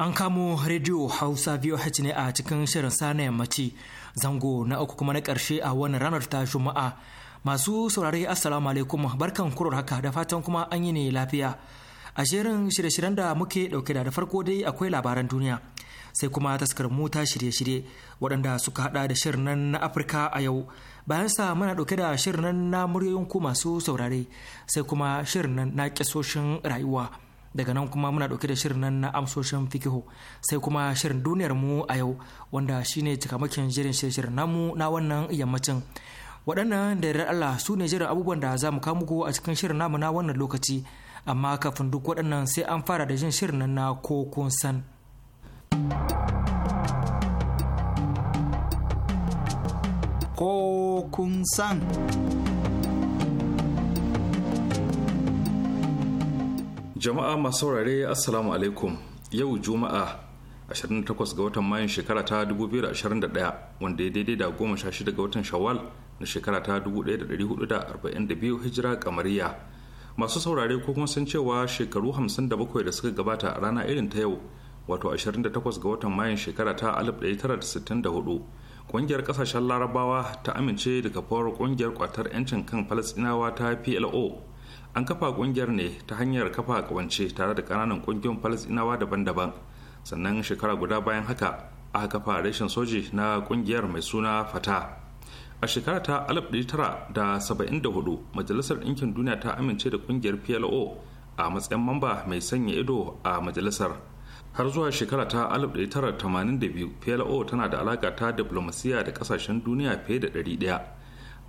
An kamo rediyo Hausa VOH ne a cikin shirin sana yammaci zango na uku kuma na ƙarshe a wani ranar ta Juma'a. Masu saurari Assalamu alaikum barkan kurar haka da fatan kuma an yi ne lafiya. A shirin shirye-shiryen da muke ɗauke da farko dai akwai labaran duniya. Sai kuma taskar mu ta shirye-shirye waɗanda suka haɗa da shirin nan na Afirka a yau. Bayan sa muna ɗauke da shirin nan na muryoyin ku masu saurare sai kuma shirin nan na ƙasoshin rayuwa. daga nan kuma muna dauke da shirin nan na amsoshin fikihu sai kuma shirin duniyar mu a yau wanda shine cikamakin jirin shirin namu na wannan yammacin waɗannan da Allah su ne jiran abubuwan da za mu kawo muku a cikin shirin namu na wannan lokaci amma kafin duk waɗannan sai an fara da jin shirin nan na ko kun san ko kun san jama'a masu saurare assalamu alaikum yau juma'a 28 ga watan mayun shekara ta 2021 wanda ya daidai da 16 ga watan shawwal na shekara ta 1442 hijira kamariya masu saurare ko kuma san cewa shekaru 57 da suka gabata a rana irin ta yau wato 28 ga watan mayun shekara ta 1964 kungiyar kasashen larabawa ta amince da kafawar kungiyar kwatar 'yancin kan falasinawa ta plo an kafa kungiyar ne ta hanyar kafa kawance tare da kananan kungiyoyin falasinawa daban-daban sannan shekara guda bayan haka aka kafa reshen soji na kungiyar mai suna fata a shekara ta 1974 majalisar ɗinkin duniya ta amince da kungiyar plo a matsayin mamba mai sanya ido a majalisar har zuwa shekara ta 1982 plo tana da alaka ta diplomasiya da kasashen duniya fiye da 100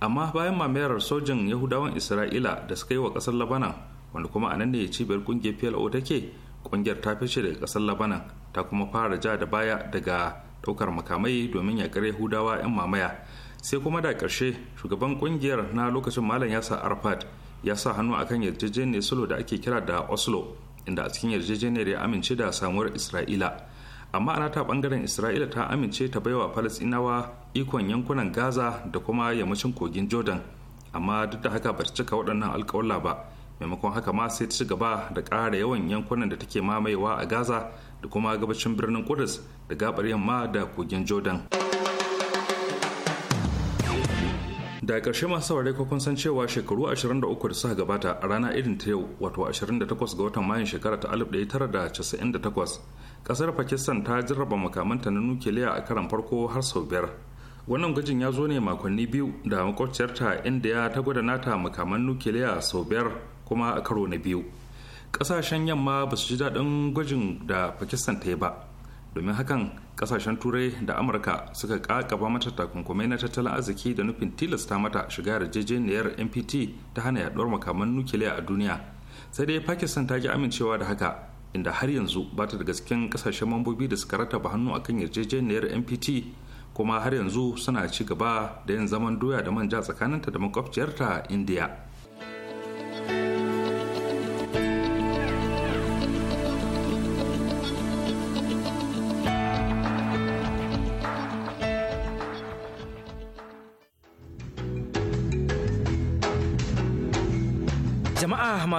amma bayan mamayar sojin yahudawan isra'ila da suka yi wa kasar labanan wanda kuma a nan ne cibiyar kungiyar plo take kungiyar ta fice daga kasar labanan ta kuma fara ja da baya daga daukar makamai domin yakar yahudawa 'yan mamaya sai kuma da karshe shugaban kungiyar na lokacin malam yasa arfad ya sa hannu akan yarjejeniyar solo da ake kira da oslo inda a cikin yarjejeniyar ya amince da samuwar isra'ila amma ana ta bangaren isra'ila ta amince ta baiwa falasinawa ikon yankunan gaza da kuma yammacin kogin jordan amma duk da haka ba ta cika waɗannan alkawalla ba maimakon haka ma sai ta ci gaba da ƙara yawan yankunan da take mamayewa a gaza da kuma gabacin birnin kudus da gabar yamma da kogin jordan da ƙarshe masu saurare ko kun san cewa shekaru 23 da suka gabata a rana irin ta yau wato 28 ga watan mayun shekara ta 1998 ƙasar pakistan ta jarraba makamanta na nukiliya a karan farko har sau biyar wannan gwajin ya zo ne makonni biyu da makwabciyarta india ta gwada nata makaman nukiliya sau biyar kuma a karo na biyu ƙasashen yamma ba su ji daɗin gwajin da pakistan ta yi ba domin hakan kasashen turai da amurka suka kakaba mata takunkumai na tattalin arziki da nufin tilasta mata shiga yarjejeniyar npt ta hana yaduwar makaman nukiliya a duniya sai dai pakistan ta ki amincewa da haka inda har yanzu ba ta daga cikin kasashen mambobi da suka rataba hannu akan yarjejeniyar npt kuma har yanzu suna ci gaba da yin zaman doya da manja tsakaninta da makwabciyarta india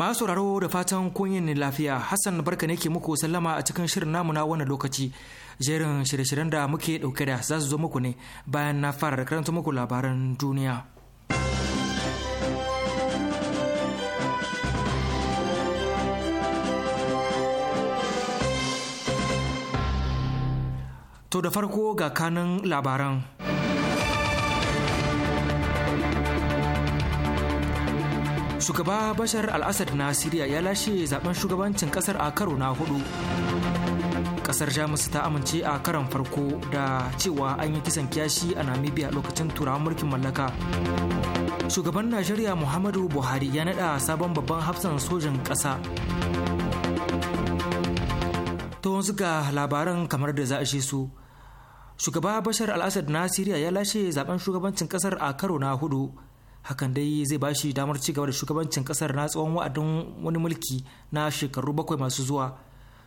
masu sauraro da fatan kun yin lafiya hassan barka ne ke muku sallama a cikin shirin namu na wannan lokaci jerin shirye-shiryen da muke dauke da za su zo muku ne bayan na fara karanta muku labaran duniya to da farko ga kanin labaran shugaba bashar al-assad na siriya ya lashe zaben shugabancin kasar a karo na hudu kasar jamus ta amince a karon farko da cewa an yi kisan kiyashi a namibia lokacin turawan mulkin mallaka shugaban najeriya muhammadu buhari ya nada sabon babban hafsan sojin kasa to yanzu ga labaran kamar da za a su shugaba bashar al-assad na siriya ya lashe zaben shugabancin kasar a karo na hudu hakan dai zai ba shi damar ci gaba da shugabancin kasar na tsawon wa'adin wani mulki na shekaru bakwai masu zuwa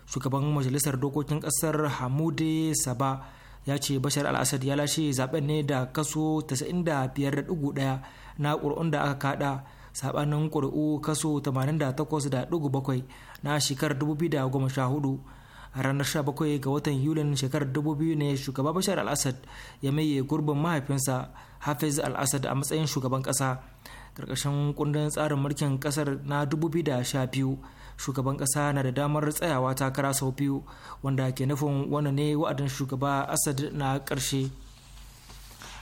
shugaban majalisar dokokin kasar hamude saba ya ce bashar al-assad ya lashe zaben ne da kaso 95.1 na ƙuri'un da aka kada sabanin ƙuri'u kaso 88.7 na shekarar 2014 a ranar 17 ga watan yulin shekarar 2000 ne shugaba bashar al-assad ya maye gurbin mahaifinsa hafiz al-assad a matsayin shugaban kasa karkashin kundin tsarin mulkin kasar na 2012 shugaban kasa na da damar tsayawa takara sau biyu wanda ke nufin wani ne wa'adin shugaba assad na karshe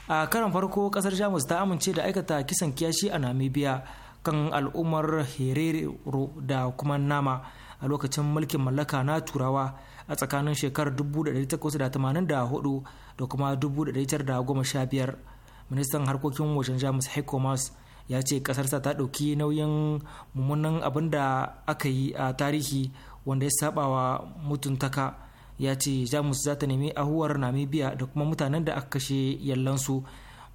a karan farko kasar jamus ta amince da aikata kisan kiyashi a namibia kan al'ummar herero da kuma nama a lokacin mulkin mallaka na turawa a tsakanin shekarar 1884 da kuma 1915 ministan harkokin wajen jamus heiko ya ce kasarsa ta ɗauki nauyin mummunan abin da aka yi a tarihi wanda ya saba wa mutuntaka ya ce jamus za ta nemi ahuwar namibia da kuma mutanen da aka kashe yallansu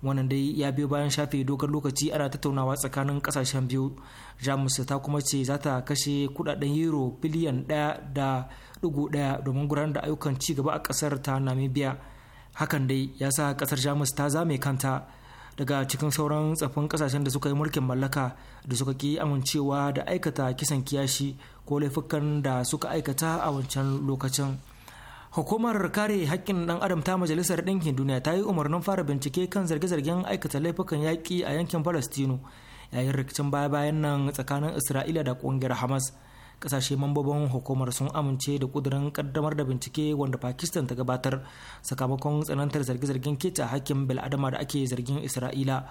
wannan dai ya biyo bayan shafe dogon lokaci ana tattaunawa tsakanin kasashen biyu jamus ta kuma ce za ta kashe kudaden euro biliyan ɗaya da ɗaya domin gudanar da ayyukan ci gaba a ƙasar ta namibia hakan dai ya sa ƙasar jamus ta zame kanta daga cikin sauran tsafin kasashen da suka yi mulkin mallaka da suka ki amincewa da aikata kisan kiyashi ko laifukan da suka aikata a wancan lokacin hukumar kare haƙƙin ɗan adam ta majalisar ɗinkin duniya ta yi umarnin fara bincike kan zarge-zargen aikata laifukan yaƙi a yankin palestino yayin rikicin baya-bayan nan tsakanin isra'ila da ƙungiyar hamas kasashe mambobin hukumar sun amince da kudurin kaddamar da bincike wanda pakistan ta gabatar sakamakon tsanantar zarge-zargen keta hakkin bil'adama da ake zargin isra'ila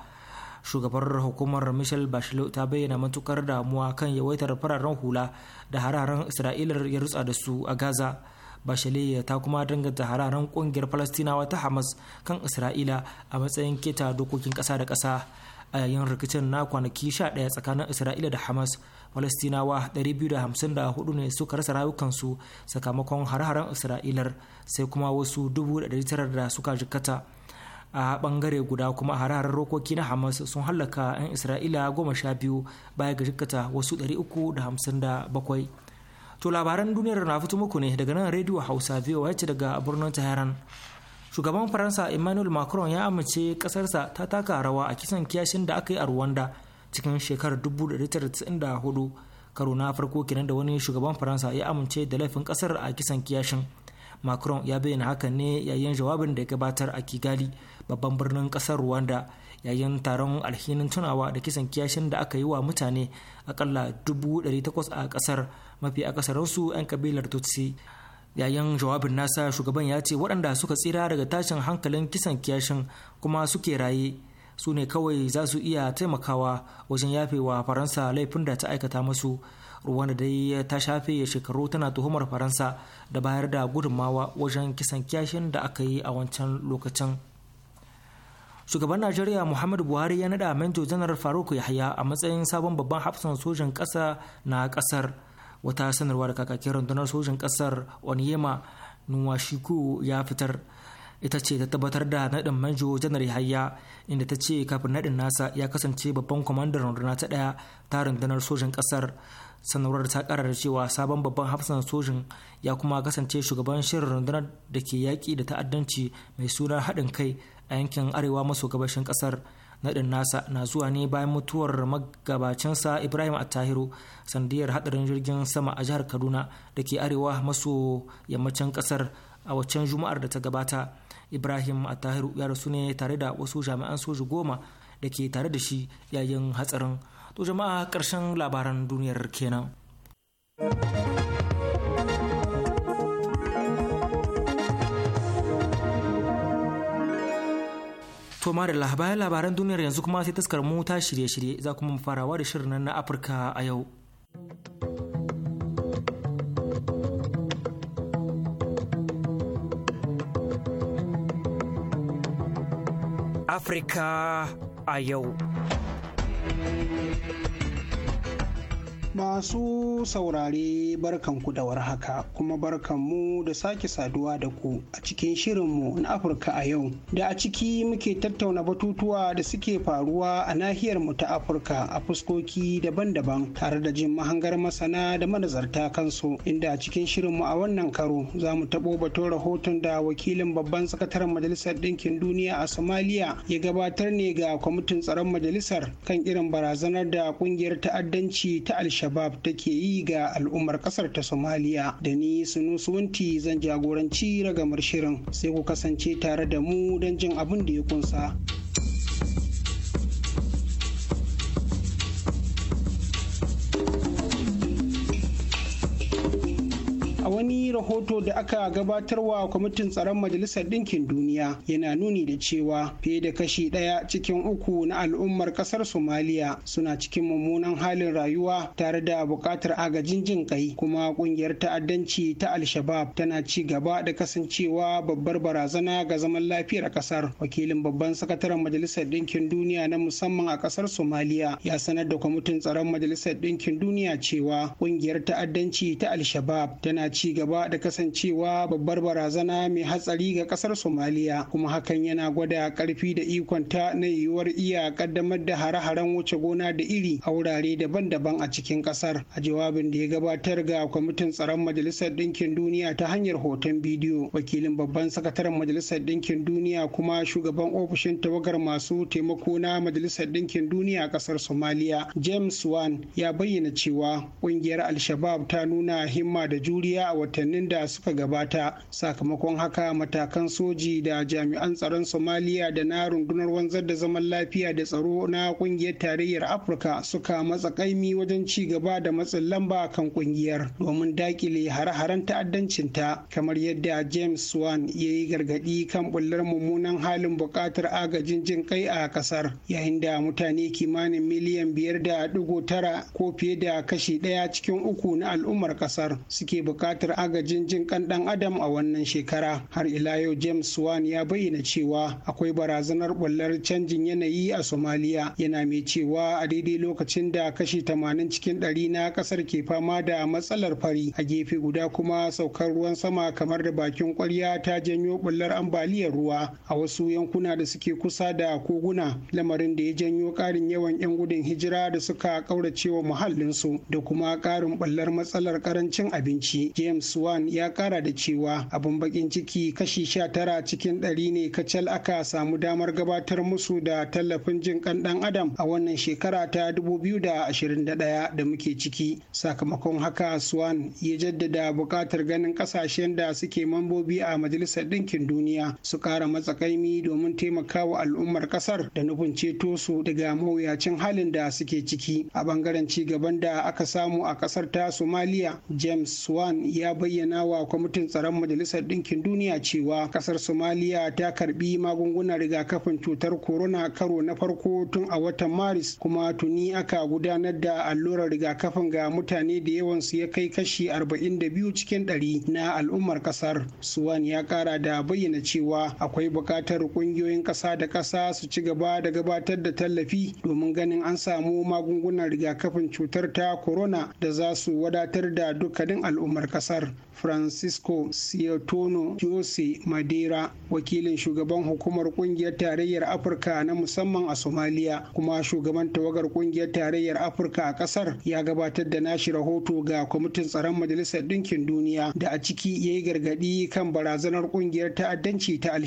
shugabar hukumar michel bachelet ta bayyana matukar damuwa kan yawaitar fararen hula da hararen isra'ilar ya rutsa da su a gaza bashaliya ta kuma danganta hararen kungiyar falastinawa ta hamas kan isra'ila a matsayin keta dokokin kasa da kasa a yayin rikicin na kwanaki 11 tsakanin isra'ila da hamas falastinawa 254 ne suka rasa rayukansu sakamakon har haren isra'ilar sai kuma wasu 900 da suka jikkata a bangare guda kuma hare-haren rokoki na hamas sun hallaka 'yan isra'ila goma sha biyu baya ga jikata wasu 357 to labaran duniyar na fito muku ne daga nan rediyo hausa voa ce daga birnin tehran shugaban faransa emmanuel macron ya amince kasarsa ta taka rawa a kisan kiyashin da aka yi a rwanda cikin shekarar 1994 karo na farko kenan da wani shugaban faransa ya amince da laifin kasar a kisan kiyashin macron ya bayyana hakan ne yayin jawabin da ya gabatar a kigali babban birnin kasar rwanda yayin taron alhinin tunawa da kisan kiyashin da aka yi wa mutane akalla 800 a kasar mafi akasaransu 'yan kabilar tutsi yayin jawabin nasa shugaban ya ce waɗanda suka tsira daga tashin hankalin kisan kiyashin kuma suke raye su ne kawai za su iya taimakawa wajen yafe wa faransa laifin da ta aikata masu ruwan da dai ta shafe shekaru tana tuhumar faransa da bayar da gudunmawa wajen kisan kyashin da aka yi a wancan lokacin shugaban najeriya muhammadu buhari ya nada manjo janar faruk yahya a matsayin sabon babban hafsan sojan kasa na ƙasar wata sanarwa da kakakin rundunar sojan ƙasar onyema nuwashiku ya fitar ita ce ta tabbatar da naɗin manjo janar yahaya inda ta ce kafin naɗin nasa ya kasance babban kwamandan runduna ta ɗaya ta rundunar sojin ƙasar sanarwar ta ƙara da cewa sabon babban hafsan sojin ya kuma kasance shugaban shirin rundunar da ke yaƙi da ta'addanci mai suna haɗin kai a yankin arewa maso gabashin ƙasar naɗin nasa na zuwa ne bayan mutuwar magabacinsa ibrahim attahiru sandiyar hadarin jirgin sama a jihar kaduna da ke arewa maso yammacin ƙasar a waccan juma'ar da ta gabata ibrahim attahiru ya rasu ne tare da wasu jami'an soji goma da ke tare da shi yayin hatsarin to jama'a ƙarshen labaran duniyar kenan kuma da labaran labaran duniyar yanzu kuma sai taskar mu ta shirye-shirye za kuma farawa da shirin na afirka a yau Afrika a yau. Masu saurare barkanku da warhaka kuma barkanmu da sake saduwa da ku a cikin shirinmu na Afirka a yau da a ciki muke tattauna batutuwa da suke faruwa a nahiyar mu ta Afirka a fuskoki daban-daban tare da jin mahangar masana da manazarta kansu inda a cikin shirinmu a wannan karo za mu taɓo batun rahoton da wakilin babban sakataren majalisar ɗinkin duniya a Somalia ya gabatar ne ga kwamitin tsaron majalisar kan irin barazanar da ƙungiyar ta'addanci ta al al take yi ga al'ummar kasar ta somaliya da ni Suwanti zan jagoranci ragamar shirin sai ku kasance tare da mu don jin abin da ya kunsa. rahoto da aka gabatarwa kwamitin tsaron majalisar ɗinkin duniya yana nuni da cewa fiye da kashi ɗaya cikin uku na al'ummar ƙasar somaliya suna cikin mummunan halin rayuwa tare da buƙatar agajin jin kai kuma ƙungiyar ta'addanci ta Alshabab tana ci gaba da kasancewa babbar barazana ga zaman lafiyar ƙasar wakilin babban sakataren majalisar ɗinkin duniya na musamman a ƙasar somaliya ya sanar da kwamitin tsaron majalisar ɗinkin duniya cewa ƙungiyar ta'addanci ta Alshabab shabab tana ci gaba da kasancewa babbar barazana mai hatsari ga kasar somaliya kuma hakan yana gwada karfi da ikonta na yiwuwar iya kaddamar da hare-haren wuce gona da iri a wurare daban-daban a cikin kasar a jawabin da ya gabatar ga kwamitin tsaron majalisar ɗinkin duniya ta hanyar hoton bidiyo wakilin babban sakataren majalisar ɗinkin duniya kuma shugaban ofishin tawagar masu taimako na majalisar ɗinkin duniya a kasar somaliya james wan ya bayyana cewa ƙungiyar al ta nuna himma da juriya a watan watannin da suka gabata sakamakon haka matakan soji da jami'an tsaron somaliya da na rundunar wanzar da zaman lafiya da tsaro na kungiyar tarayyar afirka suka matsa kaimi wajen ci gaba da matsin lamba kan kungiyar domin dakile hare-haren ta'addancinta kamar yadda james swan ya yi gargadi kan bullar mummunan halin buƙatar agajin jin kai a ƙasar yayin da mutane kimanin miliyan biyar da digo tara ko fiye da kashi ɗaya cikin uku na al'ummar ƙasar suke buƙatar agajin agajin jin kan dan adam a wannan shekara har ila yau james wan ya bayyana cewa akwai barazanar bullar canjin yanayi a somaliya yana mai cewa a daidai lokacin da kashi 80 cikin ɗari na kasar ke fama da matsalar fari a gefe guda kuma saukar ruwan sama kamar da bakin kwarya ta janyo bullar ambaliyar ruwa a wasu yankuna da suke kusa da koguna lamarin da ya janyo karin yawan 'yan gudun hijira da suka ƙauracewa muhallinsu da kuma karin bullar matsalar karancin abinci james taiwan ya kara da cewa abin bakin ciki kashi 19 cikin ɗari ne kacal aka samu damar gabatar musu da tallafin jin kan dan adam a wannan shekara ta 2021 da muke ciki sakamakon haka swan ya jaddada buƙatar ganin ƙasashen da suke mambobi a majalisar ɗinkin duniya su ƙara matsakaimi domin taimakawa al'ummar ƙasar da nufin ceto su daga mawuyacin halin da suke ciki a bangaren ci gaban da aka samu a ƙasar ta Somalia james swan ya bayyana bayyana wa kwamitin tsaron majalisar ɗinkin duniya cewa ƙasar somaliya ta karbi magungunan rigakafin cutar corona karo na farko tun a watan maris kuma tuni aka gudanar da allurar rigakafin ga mutane da yawan su ya kai kashi 42 cikin 100 na al'ummar ƙasar suwan ya ƙara da bayyana cewa akwai buƙatar ƙungiyoyin ƙasa da ƙasa su ci gaba da gabatar da tallafi domin ganin an samu magungunan rigakafin cutar ta corona da za su wadatar da dukkanin al'ummar ƙasar francisco Siotono jose madera wakilin shugaban hukumar kungiyar tarayyar afirka na musamman a somaliya kuma shugaban tawagar kungiyar tarayyar afirka a kasar ya gabatar da nashi rahoto ga kwamitin tsaron majalisar Dinkin duniya da a ciki ya yi gargaɗi kan barazanar kungiyar ta'addanci ta al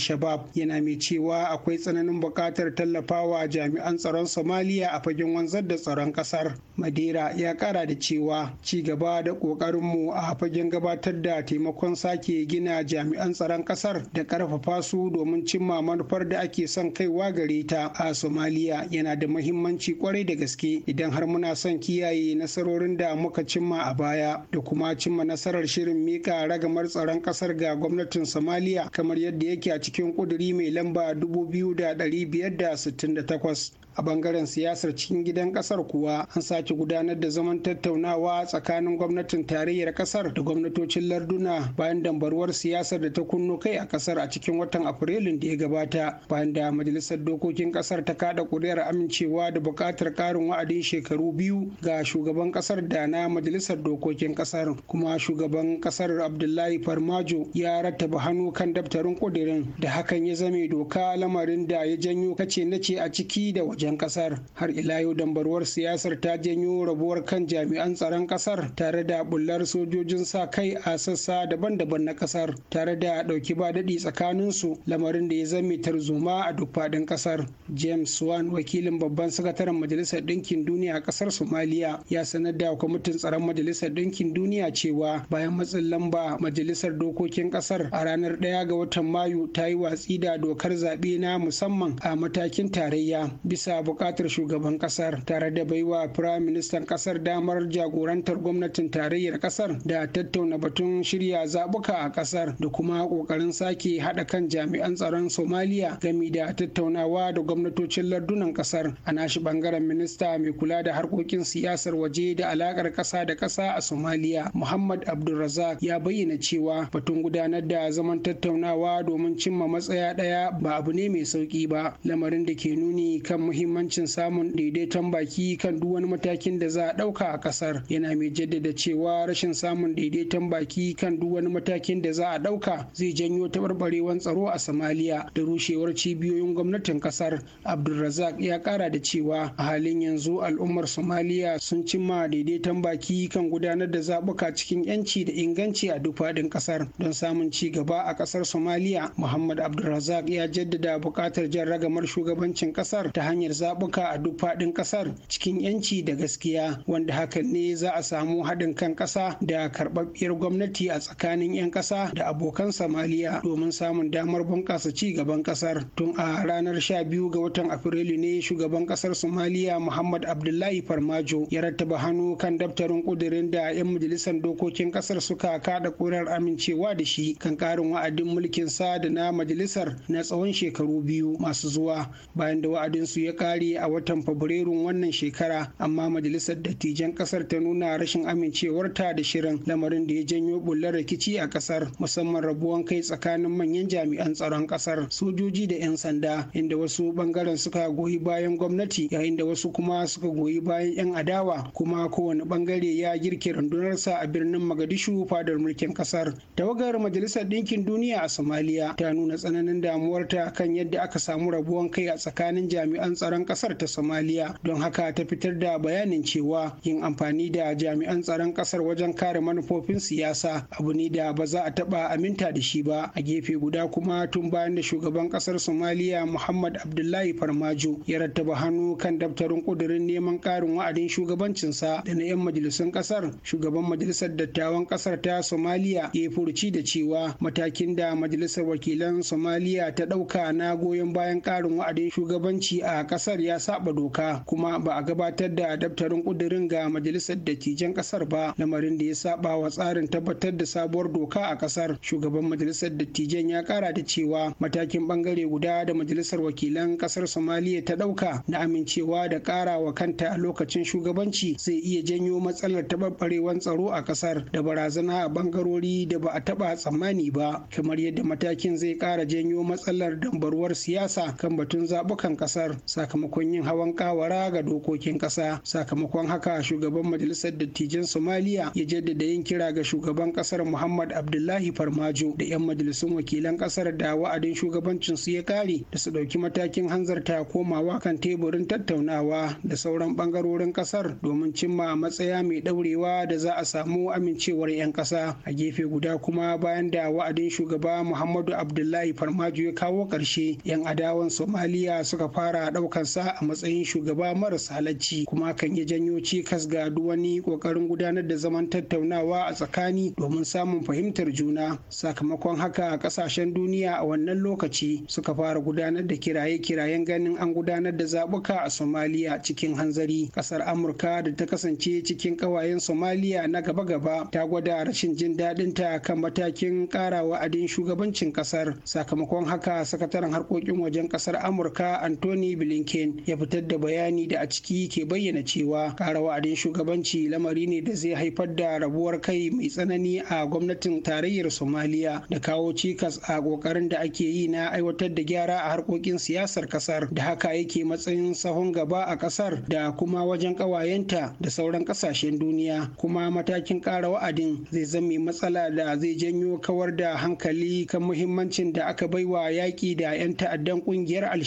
yana mai cewa akwai tsananin buƙatar tallafawa jami'an tsaron somaliya a fagen wanzar da tsaron kasar madera ya ƙara da cewa ci gaba da ƙoƙarinmu a fagen gabatar da taimakon sake gina jami'an tsaron kasar da karfafa su domin cimma manufar da ake son kaiwa gare ta a somaliya yana da mahimmanci kwarai da gaske idan har muna son kiyaye nasarorin da muka cimma a baya da kuma cimma nasarar shirin mika ragamar tsaron kasar ga gwamnatin somaliya kamar yadda yake a cikin kuduri mai lamba 2568 a bangaren siyasar cikin gidan kasar kuwa an sake gudanar da zaman tattaunawa tsakanin gwamnatin tarayyar kasar da gwamnatocin larduna bayan dambaruwar siyasar da ta kunno kai a kasar a cikin watan afrilun da ya gabata bayan da majalisar dokokin kasar ta kada kuri'ar amincewa da bukatar ƙarin wa'adin shekaru biyu ga shugaban kasar da na majalisar dokokin kasar kuma shugaban kasar abdullahi farmajo ya rattaba hannu kan daftarin kudirin da hakan ya zame doka lamarin da ya janyo kace nace a ciki da waje. 'yan kasar har ila yau dambarwar siyasar ta janyo rabuwar kan jami'an tsaron kasar tare da bullar sojojin sa kai a sassa daban-daban na kasar tare da dauki ba daɗi tsakanin su lamarin da ya zame tarzoma a duk faɗin kasar james wan wakilin babban sakataren majalisar dinkin duniya a kasar somaliya ya sanar da kwamitin tsaron majalisar ɗinkin duniya cewa bayan matsin lamba majalisar dokokin kasar a ranar ɗaya ga watan mayu ta yi watsi da dokar zaɓe na musamman a matakin tarayya bisa bisa buƙatar shugaban ƙasar tare da baiwa firayim ministan ƙasar damar jagorantar gwamnatin tarayyar ƙasar da tattauna batun shirya zabuka a ƙasar da kuma ƙoƙarin sake haɗa kan jami'an tsaron somaliya gami da tattaunawa da gwamnatocin lardunan ƙasar a nashi ɓangaren minista mai kula da harkokin siyasar waje da alakar ƙasa da ƙasa a somaliya muhammad abdulrazak ya bayyana cewa batun gudanar da zaman tattaunawa domin cimma matsaya ɗaya ba abu ne mai sauƙi ba lamarin da ke nuni kan muhimmanci muhimmancin samun daidaiton baki kan duk wani matakin da za a ɗauka a ƙasar yana mai jaddada cewa rashin samun daidaiton baki kan duk wani matakin da za a ɗauka zai janyo taɓarɓarewan tsaro a somaliya da rushewar cibiyoyin gwamnatin ƙasar abdulrazak ya ƙara da cewa a halin yanzu al'ummar somaliya sun cimma daidaiton baki kan gudanar da zaɓuka cikin 'yanci da inganci a duk faɗin ƙasar don samun ci gaba a ƙasar somaliya muhammad abdulrazak ya jaddada buƙatar jan ragamar shugabancin ƙasar ta hanyar hanyar zaɓuka a duk faɗin ƙasar cikin 'yanci da gaskiya wanda hakan ne za a samu haɗin kan ƙasa da karɓaɓɓiyar gwamnati a tsakanin 'yan ƙasa da abokan samaliya domin samun damar bunƙasa ci gaban ƙasar tun a ranar 12 ga watan afrilu ne shugaban ƙasar somaliya muhammad abdullahi farmajo ya rattaba hannu kan daftarin ƙudurin da 'yan majalisar dokokin ƙasar suka kada ƙurar amincewa da shi kan ƙarin wa'adin mulkin sa da na majalisar na tsawon shekaru biyu masu zuwa bayan da wa'adinsu ya kare a watan Fabrairu wannan shekara amma majalisar dattijan kasar ta nuna rashin amincewarta da shirin lamarin da ya janyo bullar rikici a kasar musamman rabuwan kai tsakanin manyan jami'an tsaron kasar sojoji da 'yan sanda inda wasu bangaren suka goyi bayan gwamnati yayin da wasu kuma suka goyi bayan 'yan adawa kuma kowane bangare ya girke rundunarsa a birnin magadishu fadar mulkin kasar tawagar majalisar ɗinkin duniya a somaliya ta nuna tsananin damuwarta kan yadda aka samu rabuwan kai a tsakanin jami'an tsaron tsaron kasar ta somaliya don haka ta fitar da bayanin cewa yin amfani da jami'an tsaron kasar wajen kare manufofin siyasa abu ne da ba za a taba aminta da shi ba a gefe guda kuma tun bayan da shugaban kasar somaliya muhammad abdullahi farmajo ya rattaba hannu kan daftarin kudirin neman karin wa'adin shugabancinsa da na 'yan majalisun kasar shugaban majalisar dattawan kasar ta somaliya ya furuci da cewa matakin da majalisar wakilan somaliya ta dauka na goyon bayan karin wa'adin shugabanci a kasar kasar ya saba doka kuma ba a gabatar da daftarin kudirin ga majalisar dattijan kasar ba lamarin da ya saba wa tsarin tabbatar da sabuwar doka a kasar shugaban majalisar dattijan ya kara da cewa matakin bangare guda da majalisar wakilan kasar somaliya ta dauka na amincewa da kara wa kanta a lokacin shugabanci zai iya janyo matsalar taɓarɓarewar tsaro a kasar da barazana a bangarori da ba a taɓa tsammani ba kamar yadda matakin zai kara janyo matsalar dambaruwar siyasa kan batun zaɓukan kasar sakamakon yin hawan kawara ga dokokin ƙasa sakamakon haka shugaban majalisar dattijan somaliya ya jaddada yin kira ga shugaban ƙasar muhammad abdullahi farmajo da 'yan majalisun wakilan ƙasar da wa'adin shugabancin su ya kare da su ɗauki matakin hanzarta komawa kan teburin tattaunawa da sauran ɓangarorin ƙasar domin cimma matsaya mai ɗaurewa da za a samu amincewar 'yan ƙasa a gefe guda kuma bayan da wa'adin shugaba muhammadu abdullahi farmajo ya kawo ƙarshe 'yan adawan somaliya suka fara ɗaukar kansa a matsayin shugaba maras halacci kuma kan iya janyo cikas ga wani kokarin gudanar da zaman tattaunawa a tsakani domin samun fahimtar juna sakamakon haka a kasashen duniya a wannan lokaci suka fara gudanar da kiraye-kirayen ganin an gudanar da zabuka a somaliya cikin hanzari kasar amurka da ta kasance cikin kawayen somaliya na gaba-gaba ta gwada rashin jin daɗin ta kan matakin ƙara wa'adin shugabancin kasar sakamakon haka sakataren harkokin wajen kasar amurka anthony bile. blinken ya fitar da bayani da a ciki ke bayyana cewa ƙara wa'adin shugabanci lamari ne da zai haifar da rabuwar kai mai tsanani a gwamnatin tarayyar somaliya da kawo cikas a ƙoƙarin da ake yi na aiwatar da gyara a harkokin siyasar ƙasar da haka yake matsayin sahun gaba a ƙasar da kuma wajen ƙawayenta da sauran ƙasashen duniya kuma matakin ƙara wa'adin zai zame matsala da zai janyo kawar da hankali kan muhimmancin da aka baiwa yaƙi da 'yan ta'addan ƙungiyar al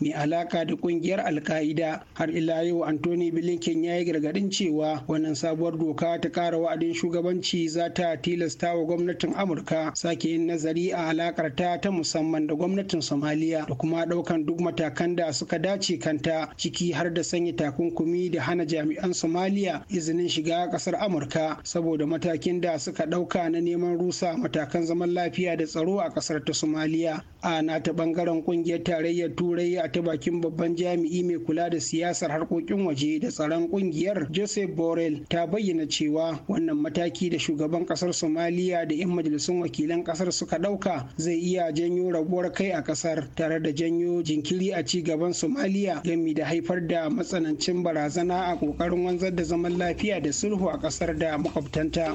mai alaƙa da da kungiyar alka'ida har ila yau anthony blinken ya yi gargadin cewa wannan sabuwar doka ta kara wa'adin shugabanci za ta tilasta wa gwamnatin amurka sake yin nazari a alakar ta ta musamman da gwamnatin somaliya da kuma daukan duk matakan da suka dace kanta ciki har da sanya takunkumi da hana jami'an somaliya izinin shiga kasar amurka saboda matakin da suka dauka na neman rusa matakan zaman lafiya da tsaro a kasar ta somaliya a nata bangaren kungiyar tarayyar turai a ta bakin babban babban jami'i mai kula da siyasar harkokin waje da tsaron kungiyar joseph borrell ta bayyana cewa wannan mataki da shugaban kasar somaliya da 'yan majalisun wakilan kasar suka dauka zai iya janyo rabuwar kai a kasar tare da janyo jinkiri a ci gaban somaliya gami da haifar da matsanancin barazana a kokarin wanzar da zaman lafiya da sulhu a kasar da makwabtanta.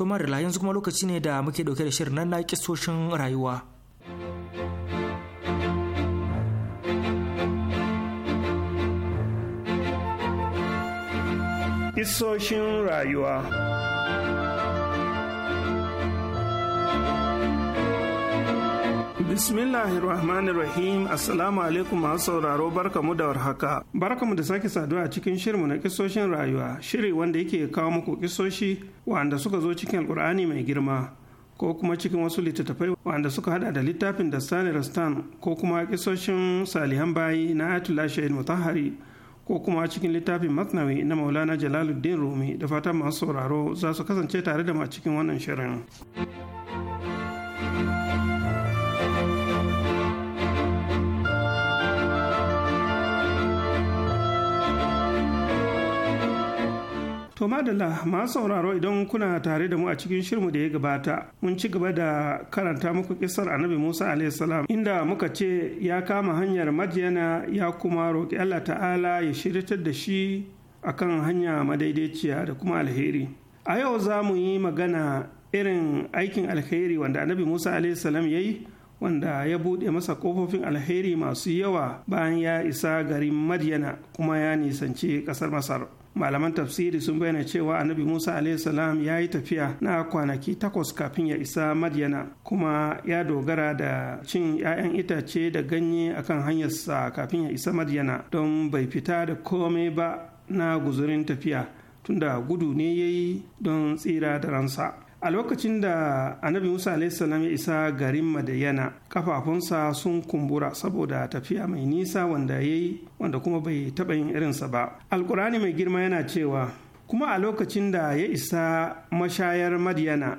to marila yanzu kuma lokaci ne da muke dauke da shirin nan na kisoshin rayuwa Isoshin rayuwa Bismillahirrahmanirrahim Assalamu alaikum masu sauraro barkamu da warhaka. Barkamu da sake saduwa a cikin shirmu na kisoshin rayuwa, shiri wanda yake kawo muku kisoshi wanda suka zo cikin alkur'ani mai girma ko kuma cikin wasu littattafai wanda suka hada da littafin da Sani Rastan ko kuma kisoshin Salihan Bayi na Ayatollah Shahid Mutahari ko kuma cikin littafin Matnawi na Maulana Jalaluddin Rumi da fatan masu sauraro za su kasance tare da mu cikin wannan shirin. To madalla masu sauraro idan kuna tare da mu a cikin shirmu da ya gabata mun ci gaba da karanta muku kisar annabi Musa salam inda muka ce ya kama hanyar madiyana ya kuma roƙi Allah ta'ala ya shiritar da shi akan hanya madaidaiciya da kuma alheri. A yau za mu yi magana irin aikin alheri wanda annabi Musa salam ya yi wanda ya buɗe masa kofofin alheri masu yawa bayan ya isa garin Madiyana kuma ya nisanci ƙasar Masar. Malaman tafsiri sun bayyana cewa Annabi Musa salam ya yi tafiya na kwanaki takwas kafin ya isa Madiyana kuma ya dogara da cin 'ya'yan itace da ganye akan hanyarsa kafin ya isa Madiyana don bai fita da komai ba na guzurin tafiya tunda gudu ne ya yi don tsira da ransa. a lokacin da annabi musa salam ya isa garin madayana kafafunsa sun kumbura saboda tafiya mai nisa wanda ya yi wanda kuma bai taɓa yin irinsa ba alkurani mai girma yana cewa kuma a lokacin da ya isa mashayar madiyana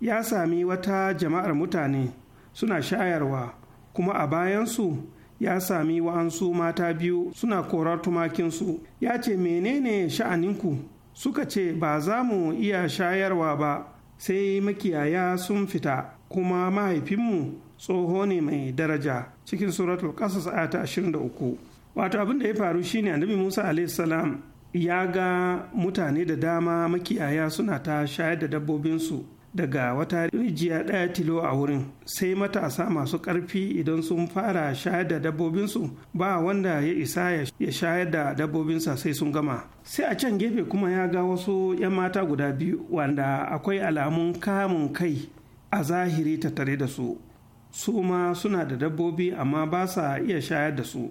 ya sami wata jama'ar mutane suna shayarwa kuma a bayansu ya sami wa'ansu mata biyu suna korar tumakinsu ya ce menene sha'aninku suka ce ba za mu iya shayarwa ba sai makiyaya sun fita kuma mahaifinmu tsoho ne mai daraja cikin suratul qasas Sa'a ta uku. wato abin da ya faru shine annabi Musa alaihi salam ya ga mutane da dama makiyaya suna ta shayar da dabbobinsu daga wata rijiya ɗaya tilo a wurin sai matasa masu ƙarfi idan sun fara shayar da dabbobinsu ba wanda ya isa ya shayar da dabbobinsa sai sun gama sai a can gefe kuma ya ga wasu 'yan mata guda biyu wanda akwai alamun kamun kai a zahiri tattare da su su ma suna da dabbobi amma ba sa iya shayar da su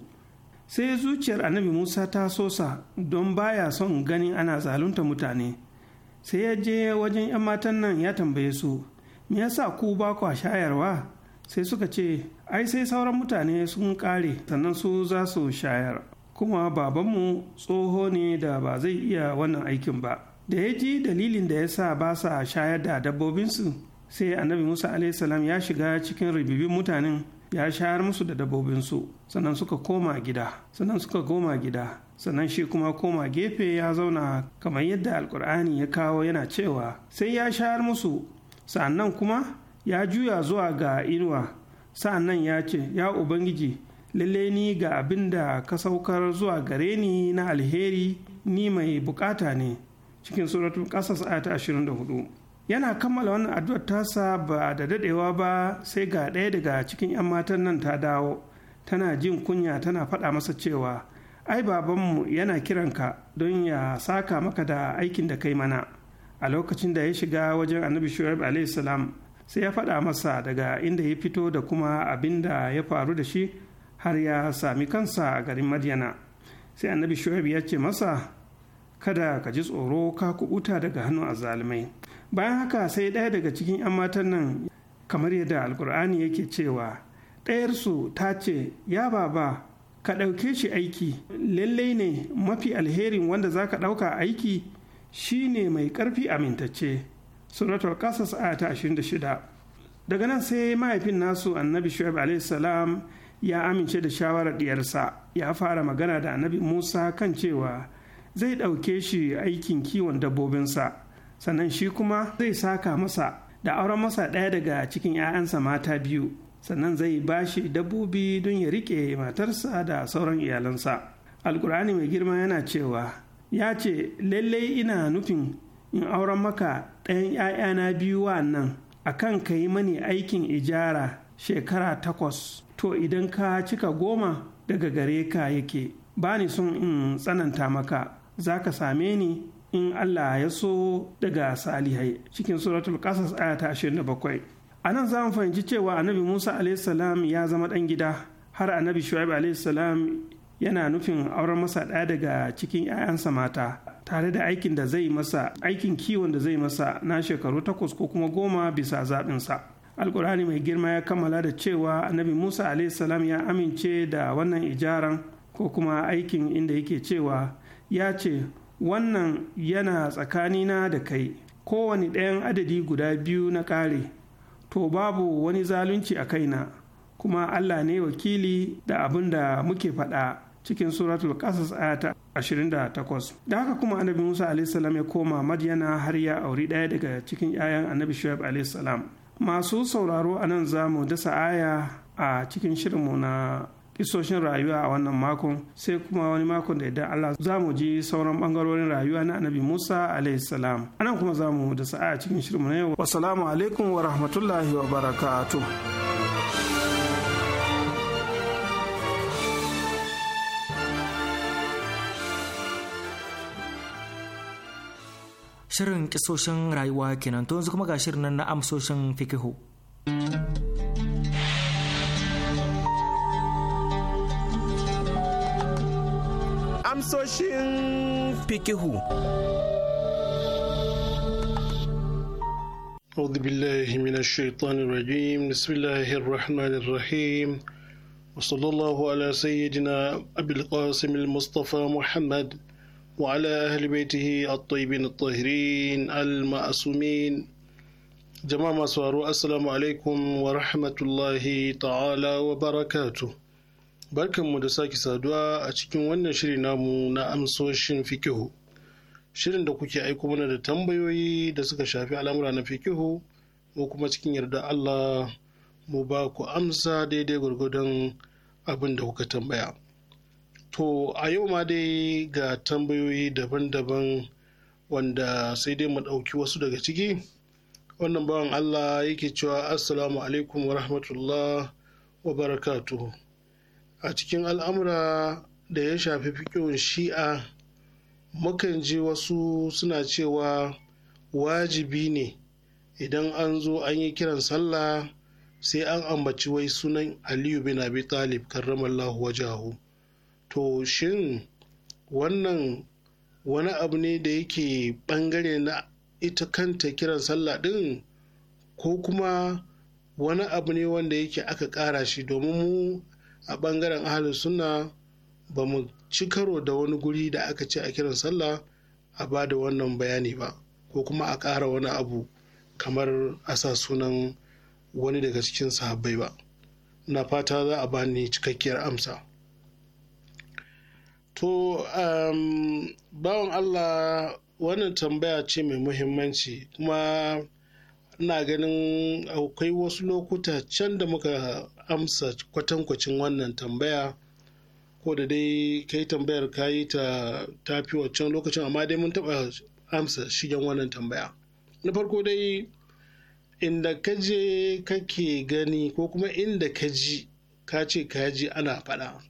sai zuciyar annabi musa ta sosa don baya son ganin ana zalunta mutane sai ya je wajen 'yan matan nan ya tambaye su me yasa ku ba a shayarwa sai suka ce ai sai sauran mutane sun kare sannan su za su shayar kuma babanmu tsoho ne da ba zai iya wannan aikin ba da ya ji dalilin da ya sa ba sa shayar da dabbobinsu sai annabi musa salam ya shiga cikin ribibin mutanen ya shayar musu da dabbobinsu sannan suka koma gida sannan suka koma gida sannan shi kuma koma gefe ya zauna kamar yadda alkur'ani ya kawo yana cewa sai ya shayar musu sa'annan kuma ya juya zuwa ga inuwa sannan ya ce ya ubangiji lalle ni ga abin da ka saukar zuwa gare ni na alheri ni mai bukata ne cikin suratul ashirin ayata 24 yana kammala wannan addu'ar tasa ba da dadewa ba sai ga ɗaya daga cikin 'yan matan nan ta dawo tana jin kunya tana faɗa masa cewa ai babanmu yana kiranka don ya saka maka da aikin da kai mana a lokacin da ya shiga wajen annabi shu'aib salam sai ya faɗa masa daga inda ya fito da kuma abin da ya faru da shi har ya sami kansa a garin madyana sai annabi shu'aib ya ce masa kada ka ji tsoro ka kubuta daga hannun azzalumai bayan haka sai ɗaya daga cikin 'yan matan nan kamar yadda alkur'ani yake cewa ɗayarsu ta ce ya baba ka ɗauke shi aiki lallai ne mafi alherin wanda za ka ɗauka aiki shi ne mai ƙarfi amintacce suratul kasas a ta 26 daga nan sai mahaifin nasu annabi shu'aib salam ya amince da shawarar diyarsa ya fara magana da annabi musa kan cewa zai ɗauke shi aikin kiwon dabbobinsa sannan shi kuma zai saka masa da auren masa ɗaya daga cikin 'ya'yansa mata biyu sannan zai bashi dabbobi don ya rike matarsa da sauran iyalansa alkur'ani mai girma yana cewa ya ce lallai ina nufin in auren maka ɗayan 'ya'yana biyu wa nan kan ka yi mani aikin ijara shekara takwas to idan ka cika goma daga gare ka yake ba ni son in tsananta maka za ka same ni in Allah ya so daga salihai cikin suratul qasas aya ta 27 a nan za mu fahimci cewa annabi musa salam ya zama ɗan gida har annabi shu'aib salam yana nufin auren masa ɗaya daga cikin 'ya'yansa mata tare da aikin da zai masa aikin kiwon da zai masa na shekaru takwas ko kuma goma bisa zaɓinsa alkur'ani mai girma ya kammala da cewa annabi musa salam ya amince da wannan ijaran ko kuma aikin inda yake cewa ya ce wannan yana tsakanina da kai kowane ɗayan adadi guda biyu na ƙare to babu wani zalunci a kaina kuma Allah ne wakili da abin da muke faɗa cikin suratul qasas ayata 28 da haka kuma annabi Musa alaihissalam ya koma Madyana har ya auri ɗaya daga cikin 'ya'yan annabi Shu'aib alaihissalam masu sauraro a nan za mu dasa aya a cikin shirinmu na isoshin rayuwa a wannan makon sai kuma wani makon da idan Allah za mu ji sauran bangarorin rayuwa na annabi Musa alaihi salam anan kuma za mu da sa'a cikin shirmu na yau wassalamu alaikum wa rahmatullahi wa barakatuh Shirin kisoshin rayuwa kenan to yanzu kuma ga shirin nan na amsoshin fikihu. amsoshin fikihu. أعوذ بالله من الشيطان الرجيم بسم الله الرحمن الرحيم وصلى الله على سيدنا أبي القاسم المصطفى محمد وعلى أهل بيته الطيبين الطاهرين المعصومين جماعة سوارو السلام عليكم ورحمة الله تعالى وبركاته Barkanmu da sake saduwa a cikin wannan shiri namu na amsoshin fikihu. Shirin da kuke aiko mana da tambayoyi da suka shafi al'amura na fikihu, mu kuma cikin yarda Allah mu ba ku amsa daidai gwargwadon abin da kuka tambaya. To a yau ma dai ga tambayoyi daban-daban wanda sai dai mu ɗauki wasu daga ciki. Wannan bawan Allah yake cewa Assalamu alaikum wa rahmatullah wa barakatuhu. a cikin al'amura da ya shafi fikihun shi'a mukan ji wasu suna cewa wajibi ne idan an zo an yi kiran sallah sai an ambaci wai sunan aliyu bin abi talib karramallahu wajahu to shin wannan wani abu ne da yake bangare na ita kanta kiran sallah din ko kuma wani abu ne wanda yake aka ƙara shi domin mu a ɓangaren ahalin sunna ba mu ci karo da wani guri da aka ce a kiran sallah a ba da wannan bayani ba ko kuma a ƙara wani abu kamar a sa sunan wani daga cikin sahabbai ba na fata za a bani cikakkiyar amsa to um, bawan allah wannan tambaya ce mai muhimmanci kuma ina ganin akwai wasu lokuta can da muka amsa kwatankwacin wannan tambaya ko da dai kai tambayar ka yi ta tafi waccan lokacin amma dai mun taɓa amsa shigen wannan tambaya na farko dai inda ka je kake gani ko kuma inda ka ji ka ce ka ji ana faɗa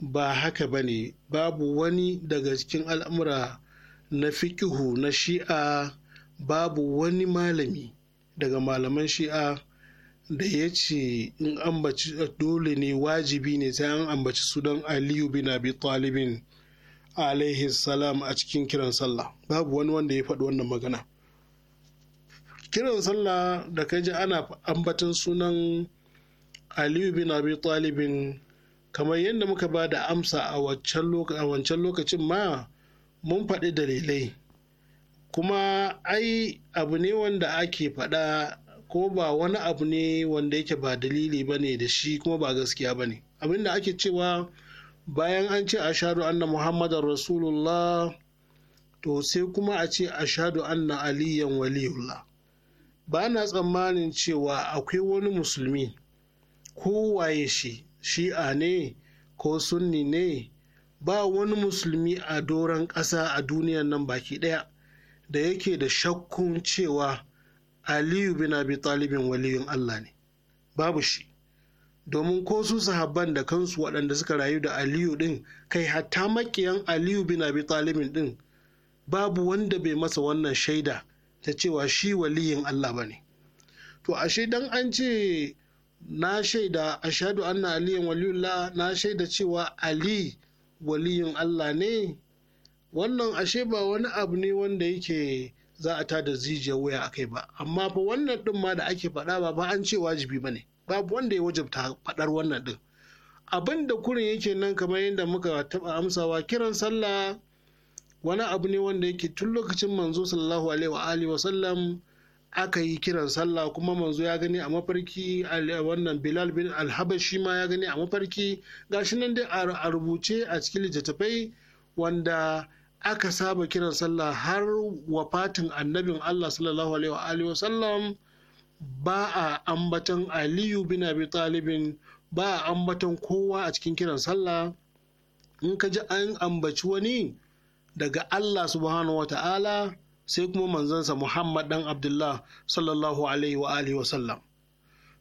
ba haka ba ne babu wani daga cikin al'amura na fikihu na shi'a babu wani malami daga malaman shi'a da ya ce in ambaci dole ne wajibi ne sai an ambaci sunan aliyu bin abi talibin alaihi salam a cikin kiran sallah babu wani wanda ya faɗi wannan magana kiran sallah da ka ji ana ambatan sunan aliyu bin abi talibin kamar yadda muka ba da amsa a wancan lokacin ma mun faɗi dalilai kuma ai abu ne wanda ake faɗa ko ba wani abu ne wanda yake ba dalili ba ne da shi kuma ba gaskiya ba ne abinda ake cewa bayan an ce ashadu anna muhammadar rasulullah to sai kuma a ce ashadu anna aliyan waliyullah ba na tsammanin cewa akwai wani musulmi kowaye shi shi'a ne ko sunni ne ba wani musulmi a doron ƙasa a duniyan nan baki ɗaya da yake da shakkun cewa aliyu bin abi talibin waliyun allah ne babu shi domin ko su sahabban da kansu waɗanda suka rayu da aliyu ɗin kai hatta makiyan aliyu bin abi talibin ɗin babu wanda bai masa wannan shaida ta cewa shi waliyin allah ba ne to ashe dan an ce na shaida ashadu anna aliyan waliyullah na shaida cewa ali waliyin allah ne wannan ashe ba wani abu ne wanda yake za a tada zijiyar waya a kai ba amma ba wannan din ma da ake faɗa ba ba an ce wajibi ba ne babu wanda ya wajibta faɗar wannan din abin da kurin yake nan kamar yadda muka taɓa amsawa kiran sallah wani abu ne wanda yake tun lokacin manzo sallallahu alaihi wa alihi wa sallam aka yi kiran sallah kuma manzo ya gani a mafarki wannan bilal bin alhabashi ma ya gani a mafarki gashi nan dai a rubuce a cikin littattafai wanda aka saba kiran sallah har wafatin annabin Allah sallallahu alaihi wa sallam ba a ambatan aliyu bin abi talibin ba a ambatan kowa a cikin kiran sallah in ka ji an ambaci wani daga Allah subhanahu wa ta'ala sai kuma manzansa Muhammad dan Abdullah sallallahu alaihi wa alihi wa sallam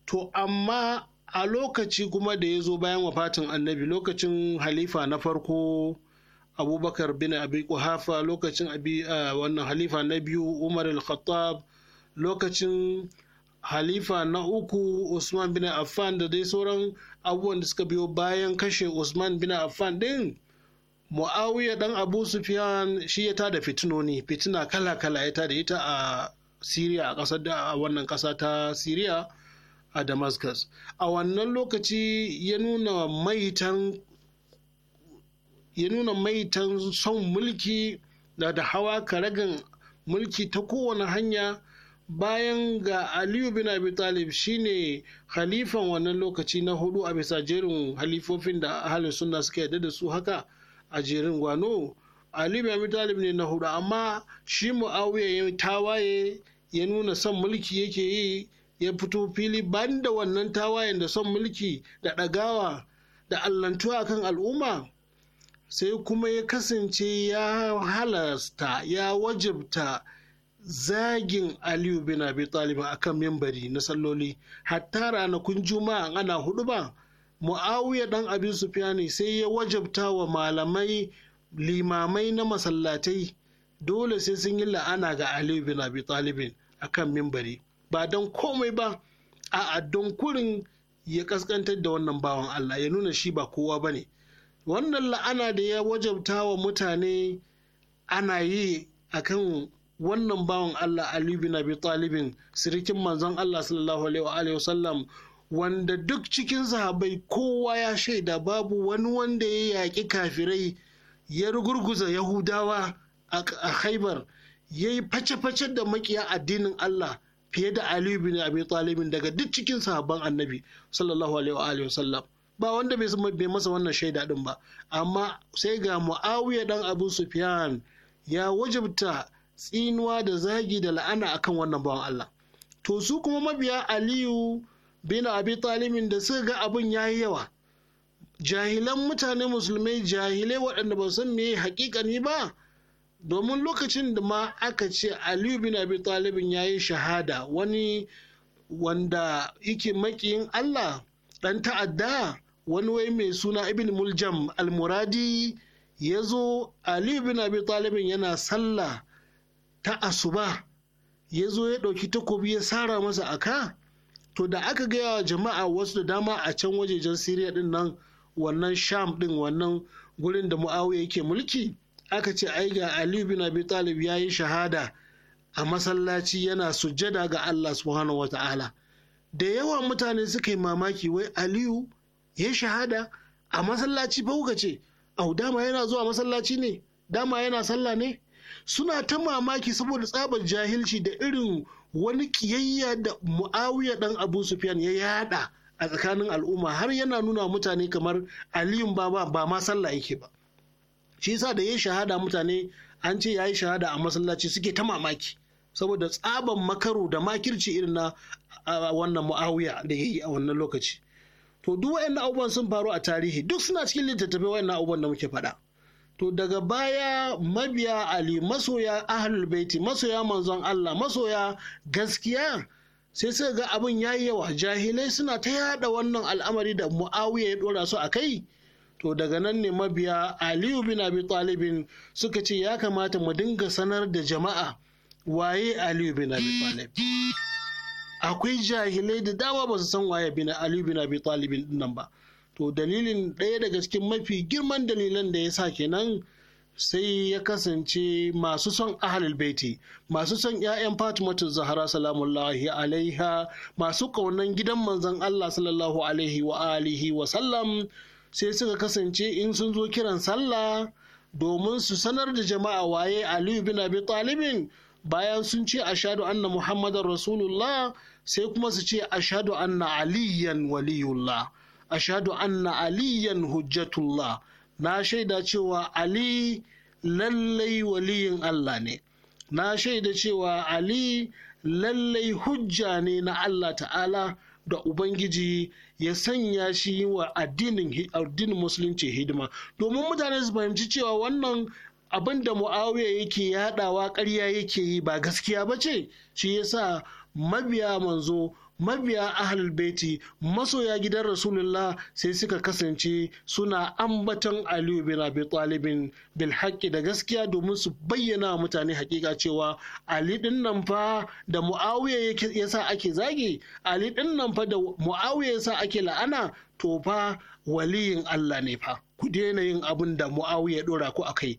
to amma a lokaci kuma da ya zo bayan wafatin annabi lokacin halifa na farko abubakar bin abi kuhafa lokacin abi wannan halifa na biyu umar al-khattab lokacin halifa na uku usman bin affan da dai sauran abubuwan da suka biyo bayan kashe usman bin affan din muawiya dan abu sufiyan shi ya tada fitinoni fitina kala-kala ya tada ita a siriya a kasar da a wannan kasa ta siriya a damascus a wannan lokaci ya nuna maitan ya nuna maitan son mulki da da hawa karagan mulki ta kowane hanya bayan ga aliyu bin abi talib shine halifan wannan lokaci na hudu a bisa jerin halifofin da ahalin sunna suka yarda da su haka a jerin gwano aliyu bin abi talib ne na hudu amma shi mu'awiya ya tawaye ya nuna son mulki yake yi ya fito fili banda wannan tawayen da son mulki da dagawa da allantuwa kan al'umma sai kuma ya kasance ya halasta ya wajabta zagin aliyu bin abi talib a kan mimbari na salloli hatta ranakun juma'a ana hudu ba mu'awiya dan abi sufyani sai ya wajabta wa malamai limamai na masallatai dole sai sun yi la'ana ga aliyu bin abi talibin a kan mimbari ba don komai ba a don kurin ya kaskantar da wannan bawan allah ya nuna shi ba kowa ba ne wannan la'ana da ya wajabta wa mutane ana yi a kan wannan bawan Allah Ali bin Abi Talibin sirikin manzon Allah sallallahu alaihi wanda duk cikin sahabai kowa ya shaida babu wani wanda ya yaƙi kafirai ya rugurguza Yahudawa a Haibar ya yi face-face da makiya addinin Allah fiye da Ali bin Abi Talibin daga duk cikin sahabban Annabi sallallahu alaihi ba wanda bai masa wannan shaida din ba amma sai ga muawiya dan abu sufyan ya wajibta tsinuwa da zagi da la'ana akan wannan bawan Allah to su kuma mabiya aliyu bin abi talimin da suka ga abin yayi yawa jahilan mutane musulmai jahilai waɗanda ba san me haƙiƙani ba domin lokacin da ma aka ce aliyu bin abi talibin ya yi shahada wani wanda yake makiyin allah ɗan ta'adda wani wai mai suna ibn muljam almuradi ya zo ali ibn abi talibin yana sallah ta asuba ya zo ya ɗauki takobi ya sara masa aka to da aka gaya wa jama'a wasu da dama a can wajejen siriya din nan wannan sham din wannan gurin da muawiya yake mulki aka ce ai ga ali ibn abi talib ya yi shahada a masallaci yana sujjada ga allah subhanahu ta'ala da yawa mutane suka yi mamaki wai aliyu ya shahada a masallaci fa kuka ce au dama yana zuwa masallaci ne dama yana sallah ne suna ta mamaki saboda tsabar jahilci da irin wani kiyayya da muawiya dan abu sufyan ya yada a tsakanin al'umma har yana nuna mutane kamar aliyun ba ba ma sallah yake ba shi yasa da ya shahada mutane an ce ya yi shahada a masallaci suke ta mamaki saboda tsaban makaro da makirci irin na wannan muawiya da ya yi a wannan lokaci to duk wayannan abubuwan sun faru a tarihi duk suna cikin littattafai waɗannan abubuwan da muke faɗa to daga baya mabiya ali masoya ahlul baiti masoya manzon Allah masoya gaskiya sai suka ga abin yayi yawa jahilai suna ta yada wannan al'amari da muawiya ya dora su a kai to daga nan ne mabiya aliyu bin abi talibin suka ce ya kamata mu dinga sanar da jama'a waye aliyu bin abi talib akwai jahilai da dama ba su san waye bin Ali bin Abi Talib nan ba to dalilin ɗaya daga cikin mafi girman dalilan da ya sa kenan sai ya kasance masu son ahalul baiti masu son 'ya'yan fatimatu Zahra, salamullahi alaiha masu kaunan gidan manzon allah sallallahu alaihi wa alihi wa sallam sai suka kasance in sun zo kiran sallah domin su sanar da jama'a waye aliyu bin abi talibin bayan sun ce ashadu anna muhammadar rasulullah sai kuma su ce ashadu anna aliyan waliyullah ashadu anna aliyan hujjatullah na shaida cewa ali lallai waliyin Allah ne na shaida cewa ali lallai hujja ne na Allah ta'ala da Ubangiji ya sanya shi wa addinin musulunci hidima domin mutane su fahimci cewa wannan abin da mu'awiya yake yadawa ƙarya yake yi ba gaskiya ba ce shi yasa mabiya manzo mabiya ahal baiti masoya gidan rasulullah sai suka kasance suna ambaton aliyu bin abi talibin bil da gaskiya domin su bayyana mutane hakika cewa ali din nan fa da muawiya yasa ake zagi ali din nan fa da muawiya yasa ake la'ana to fa waliyin allah ne fa ku daina yin abin da muawiya ya dora ku kai.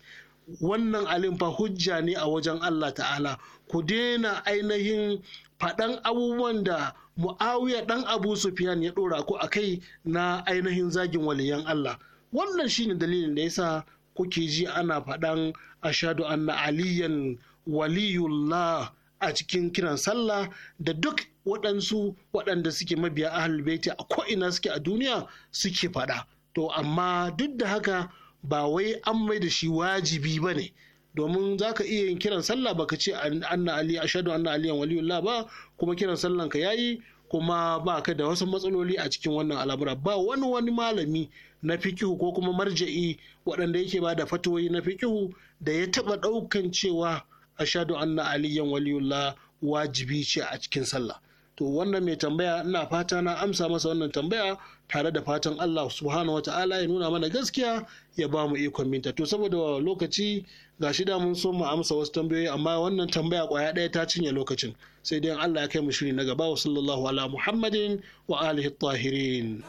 wannan alin fa hujja ne a wajen Allah ta'ala ku daina ainihin faɗan abubuwan da mu'awiya ɗan abu sufiyan ya ɗora ku a kai na ainihin zagin waliyan Allah wannan shi ne dalilin da ya sa kuke ji ana faɗan ashadu anna aliyan waliyullah a cikin kiran sallah da duk waɗansu waɗanda suke mabiya a baiti a ko'ina suke a duniya suke faɗa to amma duk da haka ba wai an mai da shi wajibi ba ne domin za ka iya yin kiran sallah baka ce anna ali ashadu anna aliyan waliyullah ba kuma kiran sallan ka yayi kuma ba ka da wasu matsaloli a cikin wannan al'amura ba wani wani malami na fikihu ko kuma marja'i waɗanda yake ba da fatoyi na fikihu da ya taɓa ɗaukan cewa ashadu anna aliyan waliyullah wajibi ce a cikin sallah to wannan mai tambaya ina fata na amsa masa wannan tambaya tare da fatan Allah subhanahu wata'ala ya nuna mana gaskiya ya ba mu ikon minta to saboda lokaci ga shi da mun so mu amsa wasu tambayoyi amma wannan tambaya kwaya ɗaya ta cinye lokacin sai dai Allah ya kai mu shiri na gaba wa sallallahu ala muhammadin wa alihi tahirin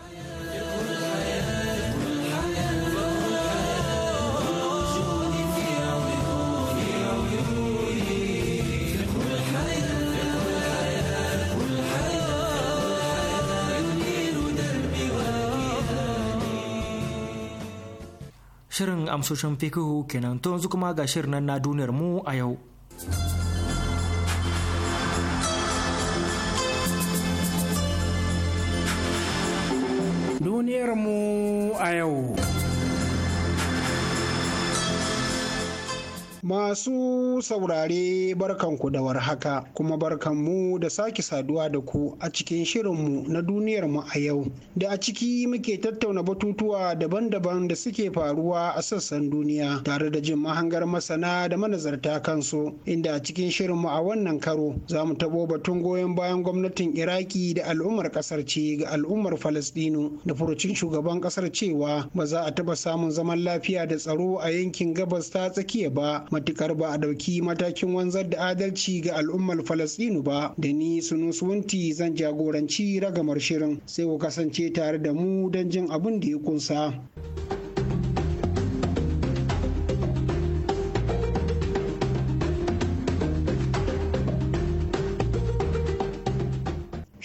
Shirin amsoshin fikihu kenan to yanzu kuma ga shirin nan na duniyar mu a yau. Duniyar mu a yau. Masu saurare barkanku da warhaka kuma barkanmu da sake saduwa da ku a cikin shirin mu na duniyar mu a yau. Da a ciki muke tattauna batutuwa daban-daban da suke faruwa a sassan duniya tare da jin mahangar masana da manazarta kansu inda a cikin shirin mu a wannan karo za mu tabo batun goyon bayan gwamnatin Iraki da al'ummar kasar ce ga al'ummar Falastinu da furucin shugaban kasar cewa ba za a taba samun zaman lafiya da tsaro a yankin gabas ta tsakiya ba matukar ba a ɗauki matakin wanzar da adalci ga al'ummar falastinu ba da ni sunusunti zan jagoranci ragamar shirin sai ku kasance tare da mu don jin abin da ya kunsa.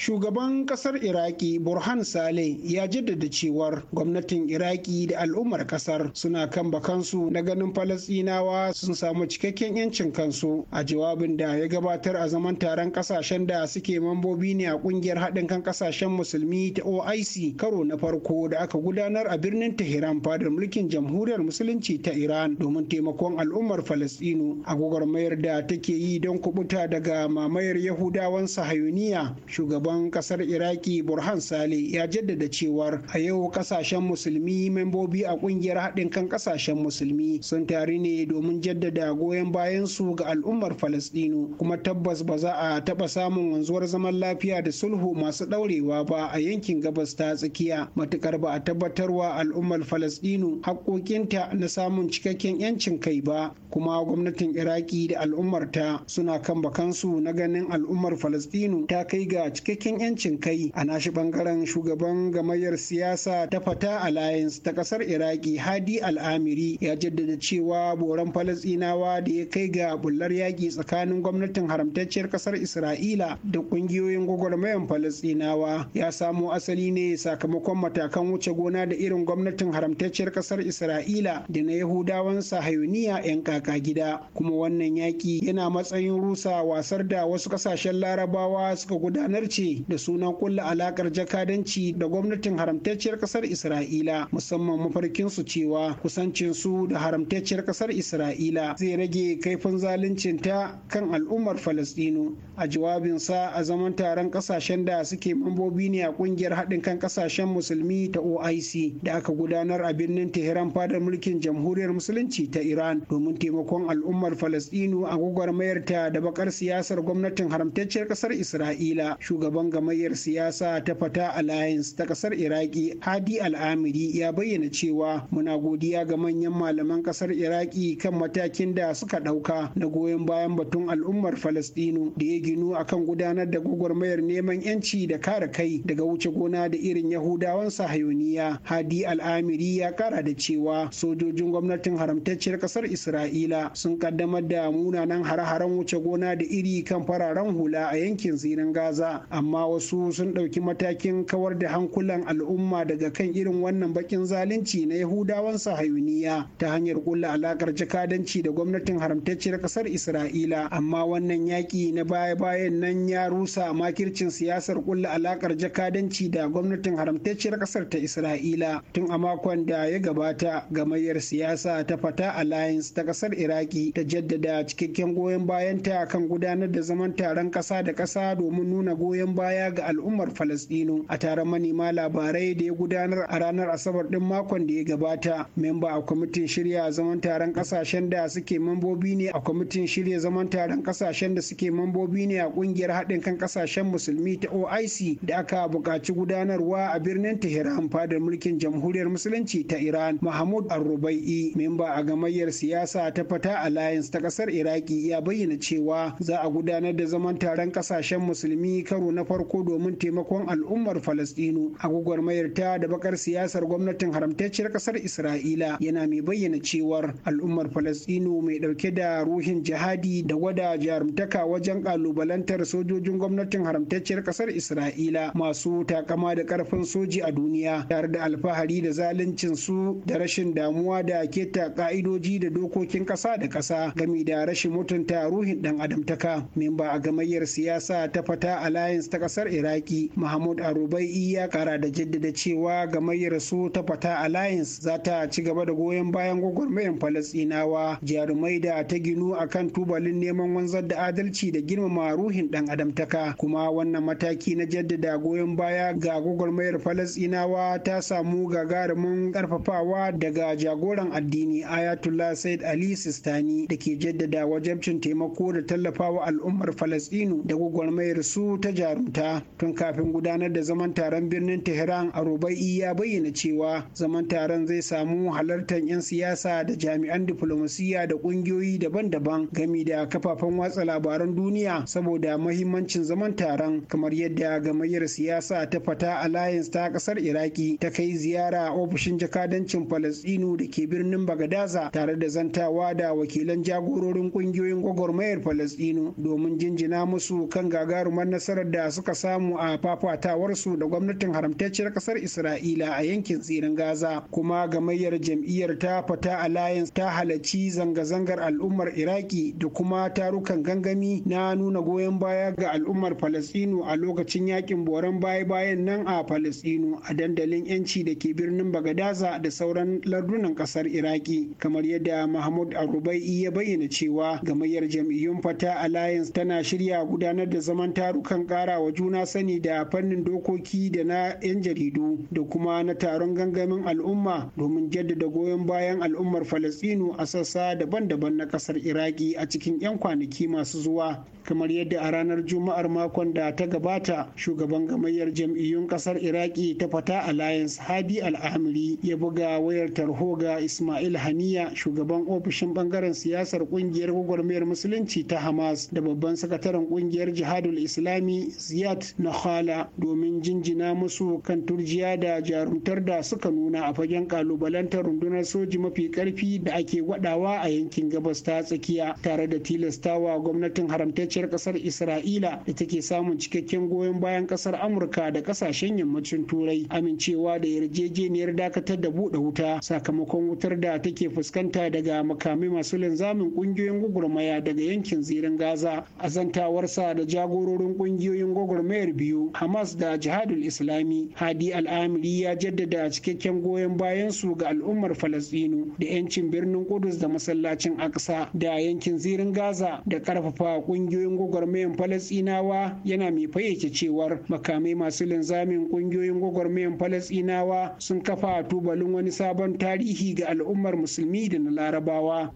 shugaban kasar iraki burhan saleh ya jaddada cewar gwamnatin iraki da al'ummar kasar suna kan bakansu na ganin falasinawa sun samu cikakken yancin kansu a jawabin da ya gabatar a zaman taron kasashen da suke mambobi ne a kungiyar haɗin kan kasashen musulmi ta oic karo na farko da aka gudanar a birnin tehran fadar mulkin jamhuriyar musulunci ta iran domin taimakon al'ummar falasinu a mayar da take yi don kubuta daga mamayar yahudawan sahayuniya shugaban shugaban kasar iraki burhan sale ya jaddada cewar a yau kasashen musulmi membobi a kungiyar haɗin kan kasashen musulmi sun tari ne domin jaddada goyon bayan su ga al'ummar falastinu kuma tabbas ba za a taɓa samun wanzuwar zaman lafiya da sulhu masu ɗaurewa ba a yankin gabas ta tsakiya matukar ba a tabbatarwa al'ummar falastinu haƙoƙinta na samun cikakken 'yancin kai ba kuma gwamnatin iraki da al'ummarta suna kan bakansu na ganin al'ummar falastinu ta kai ga cikakken cikin 'yancin kai a nashi bangaren shugaban gamayyar siyasa ta fata alliance ta kasar iraki hadi al'amiri ya jaddada cewa boran falasinawa da ya kai ga bullar yaki tsakanin gwamnatin haramtacciyar kasar isra'ila da ƙungiyoyin gwagwarmayan falasinawa ya samo asali ne sakamakon matakan wuce gona da irin gwamnatin haramtacciyar kasar isra'ila da na yahudawan sahayuniya 'yan kaka gida kuma wannan yaƙi yana matsayin rusa wasar da wasu ƙasashen larabawa suka gudanar ce da sunan kulla alakar jakadanci da gwamnatin haramtacciyar kasar isra'ila musamman mafarkinsu cewa kusancin su da haramtacciyar kasar isra'ila zai rage kaifin ta kan al'ummar falastinu a jawabinsa a zaman taron kasashen da suke mambobi ne a kungiyar haɗin kan kasashen musulmi ta oic da aka gudanar a birnin tehran fadar mulkin jamhuriyar musulunci ta iran domin taimakon al'ummar falastinu a ta da bakar siyasar gwamnatin haramtacciyar kasar isra'ila shugaban shugaban gamayyar siyasa ta fata alliance ta kasar iraki hadi al'amiri ya bayyana cewa muna godiya ga manyan malaman kasar iraki kan matakin da suka ɗauka na goyon bayan batun al'ummar falastinu da ya ginu akan gudanar da gwagwarmayar neman yanci da kare kai daga wuce gona da irin yahudawan sahayoniya hadi al'amiri ya kara da cewa sojojin gwamnatin haramtacciyar kasar isra'ila sun kaddamar da munanan hare-haren wuce gona da iri kan fararen hula a yankin zirin gaza amma amma wasu sun ɗauki matakin kawar da hankulan al'umma daga kan irin wannan bakin zalunci na yahudawan sahayuniya ta hanyar kulla alakar jakadanci da gwamnatin haramtacciyar ƙasar isra'ila amma wannan yaƙi na baya-bayan nan ya rusa makircin siyasar kulla alakar jakadanci da gwamnatin haramtacciyar ƙasar ta isra'ila tun a makon da ya gabata gamayyar siyasa ta fata alliance ta ƙasar iraki ta jaddada cikakken goyon bayanta kan gudanar da zaman taron ƙasa da ƙasa domin nuna goyon baya ga al'ummar Falasɗinu a taron manema labarai da ya gudanar a ranar Asabar ɗin makon da ya gabata. Memba a kwamitin shirya zaman taron ƙasashen da suke mambobi ne a kwamitin shirya zaman taron ƙasashen da suke mambobi ne a ƙungiyar haɗin kan ƙasashen musulmi ta OIC da aka buƙaci gudanarwa a birnin Tehran fadar mulkin jamhuriyar musulunci ta Iran. Mahmud Arrubai'i memba a gamayyar siyasa ta Fata Alliance ta ƙasar Iraki ya bayyana cewa za a gudanar da zaman taron ƙasashen musulmi karo na farko domin taimakon al'ummar falastinu a gwagwarmayar ta da bakar siyasar gwamnatin haramtacciyar kasar isra'ila yana mai bayyana cewar al'ummar falastinu mai dauke da ruhin jihadi da gwada jarumtaka wajen kalubalantar sojojin gwamnatin haramtacciyar kasar isra'ila masu takama da karfin soji a duniya tare da alfahari da zaluncin su da rashin damuwa da keta ka'idoji da dokokin kasa da kasa game da rashin mutunta ruhin dan adamtaka memba a gamayyar siyasa ta fata alliance ta ta kasar iraki mahmud arubai ya kara da jaddada cewa gamayyar su ta fata alliance za ta ci gaba da goyon bayan gwagwarmayar falasɗinawa jarumai da ta ginu akan tubalin neman wanzar da adalci da girmama ruhin dan adamtaka kuma wannan mataki na jaddada goyon baya ga gwagwarmayar falastinawa ta samu gagarumin karfafawa daga jagoran addini ayatollah said ali sistani da ke jaddada wajabcin taimako da tallafawa al'ummar falasɗinu da gwagwarmayar su ta jarumai ta tun kafin gudanar da zaman taron birnin tehran a rubai ya bayyana cewa zaman taron zai samu halartar 'yan siyasa da jami'an diflomasiyya da kungiyoyi daban-daban gami da kafafen watsa labaran duniya saboda mahimmancin zaman taron kamar yadda gamayyar siyasa ta fata alliance ta kasar iraki ta kai ziyara ofishin jakadancin falastinu da ke birnin bagadaza tare da zantawa da wakilan jagororin kungiyoyin gwagwarmayar falastinu domin jinjina musu kan gagarumar nasarar da suka samu a fafatawarsu da gwamnatin haramtacciyar kasar isra'ila a yankin tsirin gaza kuma gamayyar jam'iyyar ta fata alliance ta halarci zanga-zangar al'ummar iraki da kuma tarukan gangami na nuna goyon baya ga al'ummar falastinu a lokacin yakin boran baya-bayan nan a falastinu a dandalin yanci da ke birnin bagadaza da sauran lardunan kasar iraki kamar yadda mahmud arubai ya bayyana cewa gamayyar jam'iyyun fata alliance tana shirya gudanar da zaman tarukan karawa wa juna sani da fannin dokoki da na 'yan jaridu da kuma na taron gangamin al'umma domin jaddada goyon bayan al'ummar falastinu a sassa daban-daban na kasar iraki a cikin 'yan kwanaki masu zuwa kamar yadda a ranar juma'ar makon da ta gabata shugaban gamayyar jam'iyyun kasar iraki ta fata alliance hadi al'amiri ya buga wayar tarho ga ismail haniya shugaban ofishin bangaren siyasar kungiyar gwagwarmayar musulunci ta hamas da babban sakataren kungiyar jihadul islami ziyad na hala domin jinjina musu kan turjiya da jarumtar da suka nuna a fagen kalubalantar rundunar soji mafi karfi da ake wadawa a yankin gabas ta tsakiya tare da tilastawa gwamnatin haramtacciyar kasar isra'ila da take samun cikakken goyon bayan kasar amurka da kasashen yammacin turai amincewa da yarjejeniyar dakatar da buɗe wuta sakamakon wutar da take fuskanta daga makami masu linzamin ƙungiyoyin gwagwarmaya daga yankin zirin gaza azantawarsa da jagororin ƙungiyoyin gwagwarmayar biyu hamas da jihadul islami hadi al'amiri ya jaddada cikakken goyon bayan su ga al'ummar falastinu da 'yancin birnin kudus da masallacin aksa da yankin zirin gaza da karfafa kungiyoyin gwagwarmayar falastinawa yana mai fayyace cewar makamai masu linzamin kungiyoyin gwagwarmayar falastinawa sun kafa tubalin wani sabon tarihi ga al'ummar musulmi da na larabawa.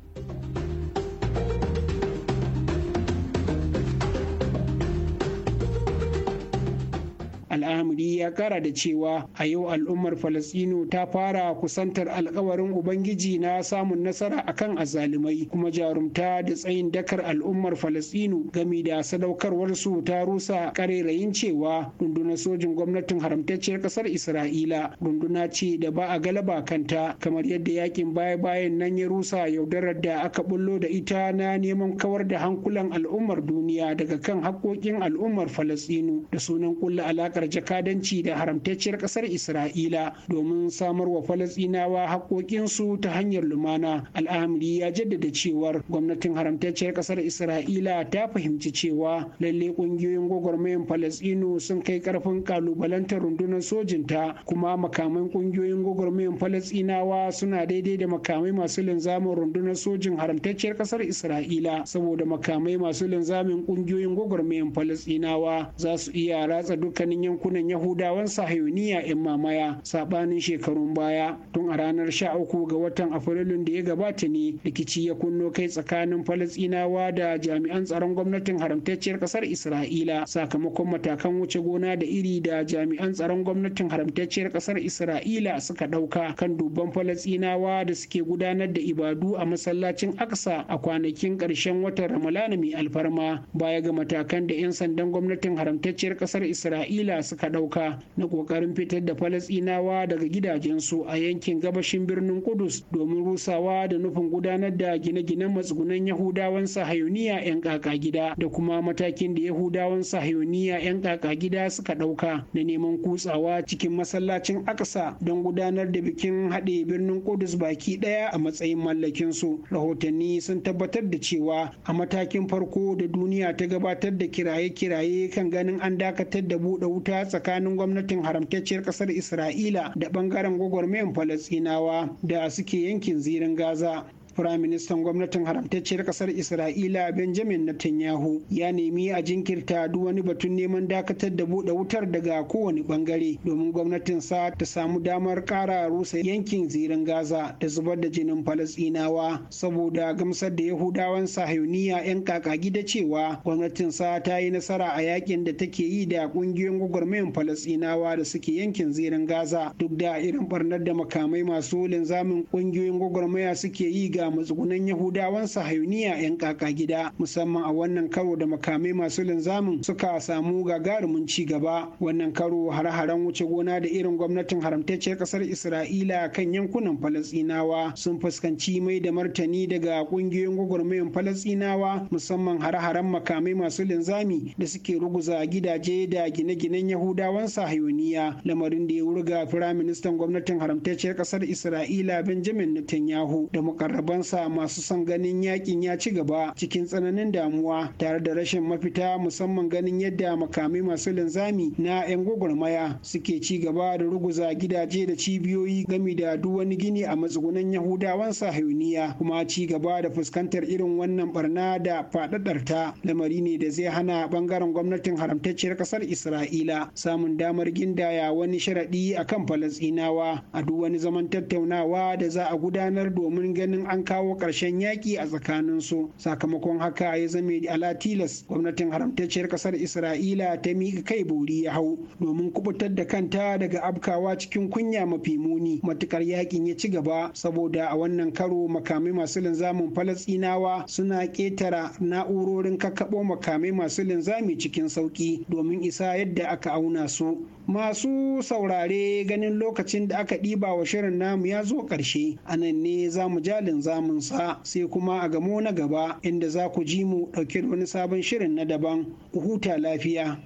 al'amuri ya kara da cewa a yau al'ummar falasino ta fara kusantar alkawarin ubangiji na samun nasara akan azzalumai kuma jarumta da tsayin dakar al'ummar falasino gami da sadaukarwarsu ta rusa karerayin cewa rundunar sojin gwamnatin haramtacciyar kasar isra'ila runduna ce da ba a galaba kanta kamar yadda yakin baya-bayan nan ya rusa yaudarar da aka bullo da ita na neman kawar da hankulan al'ummar duniya daga kan haƙƙoƙin al'ummar falasino da sunan kulla alakar jakadanci da haramtacciyar ƙasar isra'ila domin samar wa Falasinawa haƙoƙinsu ta hanyar lumana al'amiri ya jaddada cewar gwamnatin haramtacciyar ƙasar isra'ila ta fahimci cewa lalle ƙungiyoyin gwagwarmayan Falasinu sun kai ƙarfin kalubalantar rundunar sojinta kuma makaman ƙungiyoyin gwagwarmayan Falasinawa suna daidai da makamai masu linzamin rundunar sojin haramtacciyar ƙasar isra'ila saboda makamai masu linzamin ƙungiyoyin gwagwarmayan Falasinawa za su iya ratsa dukkanin yankunan yankunan yahudawan sahayoniya 'yan mamaya sabanin shekarun baya tun a ranar 13 ga watan afrilun da ya gabata ne rikici ya kunno kai tsakanin falasinawa da jami'an tsaron gwamnatin haramtacciyar kasar isra'ila sakamakon matakan wuce gona da iri da jami'an tsaron gwamnatin haramtacciyar kasar isra'ila suka ɗauka kan dubban falasinawa da suke gudanar da ibadu a masallacin aksa a kwanakin ƙarshen watan ramalana mai alfarma baya ga matakan da 'yan sandan gwamnatin haramtacciyar kasar isra'ila suka ɗauka na ƙoƙarin fitar da falasinawa daga gidajensu a yankin gabashin birnin kudus domin rusawa da nufin gudanar da gine-ginen matsugunan yahudawan sahayuniya 'yan ƙaƙa gida da kuma matakin da yahudawan sahayuniya 'yan ƙaƙa gida suka ɗauka na neman kutsawa cikin masallacin aksa don gudanar da bikin haɗe birnin kudus baki ɗaya a matsayin mallakinsu rahotanni sun tabbatar da cewa a matakin farko da duniya ta gabatar da kiraye-kiraye kan ganin an dakatar da buɗe wuta ya tsakanin gwamnatin haramtacciyar kasar isra'ila da bangaren gwagwarmayan falasinawa da suke yankin zirin gaza Firaministan gwamnatin haramtacciyar kasar Isra'ila Benjamin Netanyahu ya nemi a jinkirta duk wani batun neman dakatar da buɗe wutar daga kowane bangare domin gwamnatin sa ta samu damar ƙara rusa yankin zirin Gaza da zubar da jinin Falasɗinawa saboda gamsar da Yahudawan sahayuniya 'yan kakagi da cewa gwamnatin sa ta yi nasara a yakin da take yi da ƙungiyoyin gwagwarmayan Falasɗinawa da suke yankin zirin Gaza duk da irin barnar da makamai masu linzamin ƙungiyoyin gwagwarmaya suke yi ga ga matsugunan yahudawan sahayuniya 'yan kaka gida musamman a wannan karo da makamai masu linzamin suka samu gagarumin ci gaba wannan karo har-haren wuce gona da irin gwamnatin haramtacciyar kasar isra'ila kan yankunan falasinawa sun fuskanci mai da martani daga kungiyoyin gwagwarmayan falasinawa musamman har-haren makamai masu linzami da suke ruguza gidaje da gine-ginen yahudawan sahayuniya lamarin da ya wurga firaministan gwamnatin haramtacciyar kasar isra'ila benjamin netanyahu da mukarraban shugabansa masu son ganin yakin ya ci gaba cikin tsananin damuwa tare da rashin mafita musamman ganin yadda makamai masu linzami na 'yan gwagwarmaya suke ci gaba da ruguza gidaje da cibiyoyi gami da duk wani gini a matsugunan yahudawan sahiyuniya kuma ci gaba da fuskantar irin wannan barna da faɗaɗar ta lamari ne da zai hana bangaren gwamnatin haramtacciyar ƙasar isra'ila samun damar gindaya wani sharaɗi akan falasɗinawa a duk wani zaman tattaunawa da za a gudanar domin ganin an kawo ƙarshen yaƙi a tsakanin su sakamakon haka ya zame ala tilas gwamnatin haramtacciyar ƙasar isra'ila ta miƙa kai bori ya hau domin kubutar da kanta daga abkawa cikin kunya mafi muni matukar yaƙin ya ci gaba saboda a wannan karo makamai masu linzamin falasɗinawa suna ƙetara na'urorin kakkaɓo makamai masu linzami cikin sauƙi domin isa yadda aka auna su masu saurare ganin lokacin da aka ɗiba wa shirin namu ya zo ƙarshe anan ne za mu ja linzami sa sai kuma a gamo na gaba inda za ku ji mu ɗauke da wani sabon shirin na daban ku huta lafiya.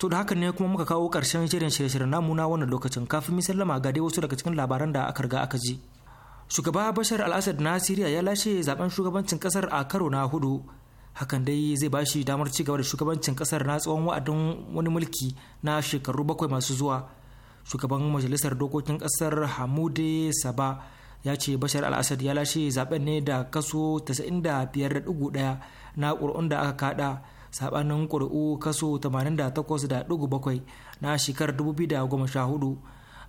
To da hakan ne kuma muka kawo karshen shirin shirye-shiryen namu na wannan lokacin kafin lama ga dai wasu daga cikin labaran da aka riga aka ji. Shugaba Bashar al-Assad na Siriya ya lashe zaben shugabancin kasar a karo na hudu hakan dai zai ba shi damar ci gaba da shugabancin kasar na tsawon wa'adin wani mulki na shekaru bakwai masu zuwa shugaban majalisar dokokin kasar hamude saba ya ce bashar al-assad ya lashe zaben ne da kaso 95.1 na ƙuri'un da aka kada sabanin ƙuri'u kaso 88.7 na shekarar 2014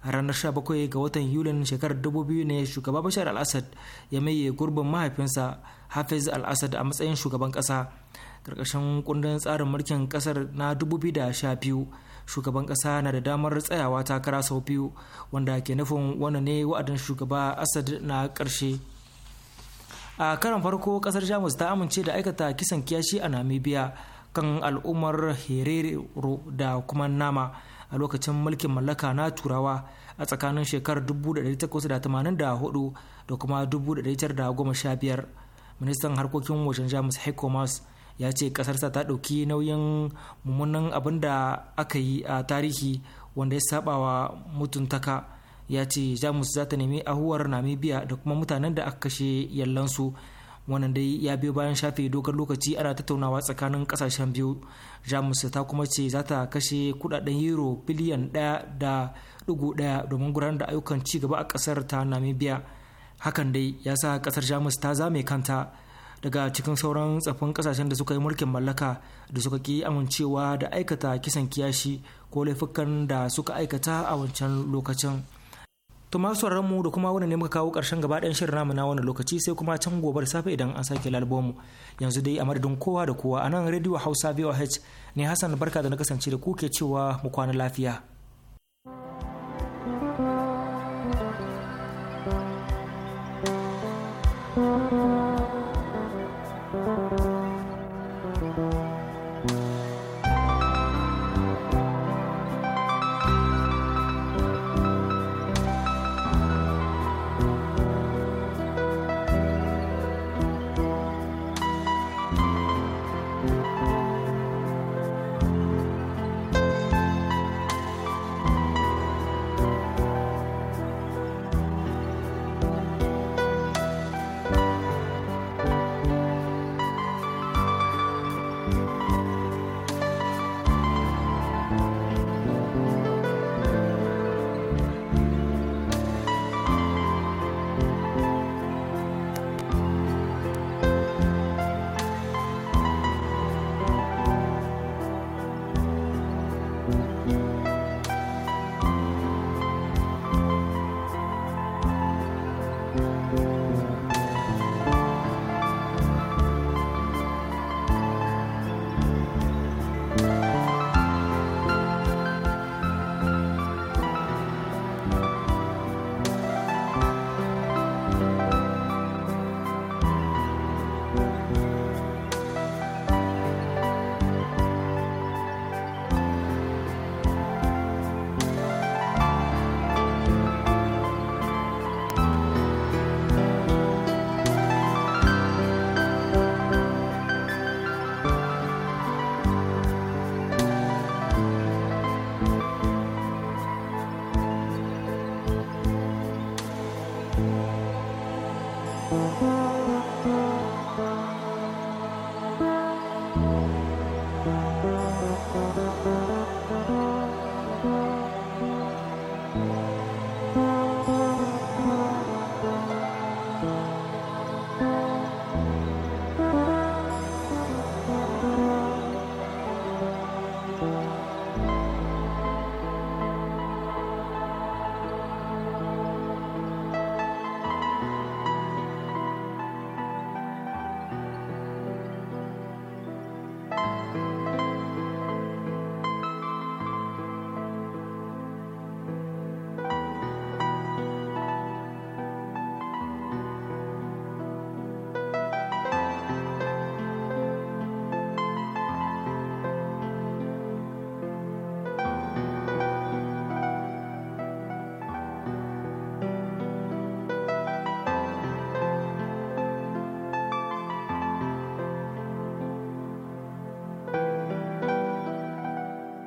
a ranar 17 ga watan yulin shekarar 2000 ne shugaba bashar al-assad ya maye gurbin mahaifinsa hafiz al-assad a matsayin shugaban kasa ƙarƙashin kundin tsarin mulkin ƙasar na 2012 shugaban kasa na da damar tsayawa takara sau biyu wanda ke nufin wani ne wa'adin shugaba assad na karshe a karan farko kasar jamus ta amince da aikata kisan kiyashi a namibia kan al'ummar herero da kuma nama a lokacin mulkin mallaka na turawa a tsakanin shekarar 1884 da kuma 1915 ministan harkokin wajen jamus heiko mas ya ce kasarsa ta ɗauki nauyin mummunan abin da aka yi a tarihi wanda ya saba wa mutuntaka ya ce jamus za ta nemi ahuwar namibia da kuma mutanen da aka kashe yallansu wannan dai ya biyo bayan shafe dogon lokaci ana tattaunawa tsakanin kasashen biyu jamus ta kuma ce za ta kashe kudaden euro biliyan 1.1 domin gudanar da ayyukan ci gaba a kasar ta namibia hakan dai ya sa kasar jamus ta zame kanta daga cikin sauran tsaffin kasashen da suka yi mulkin mallaka da suka ki amincewa da aikata kisan kiyashi ko laifukan da suka aikata a wancan lokacin to masu mu da kuma wani ne muka kawo karshen gaba ɗayan shirin namu na wannan lokaci sai kuma can gobe da safe idan an sake lalbomu yanzu dai a madadin kowa da kowa a nan rediyo hausa voh ne hassan barka da na kasance da ku ke cewa mu kwana lafiya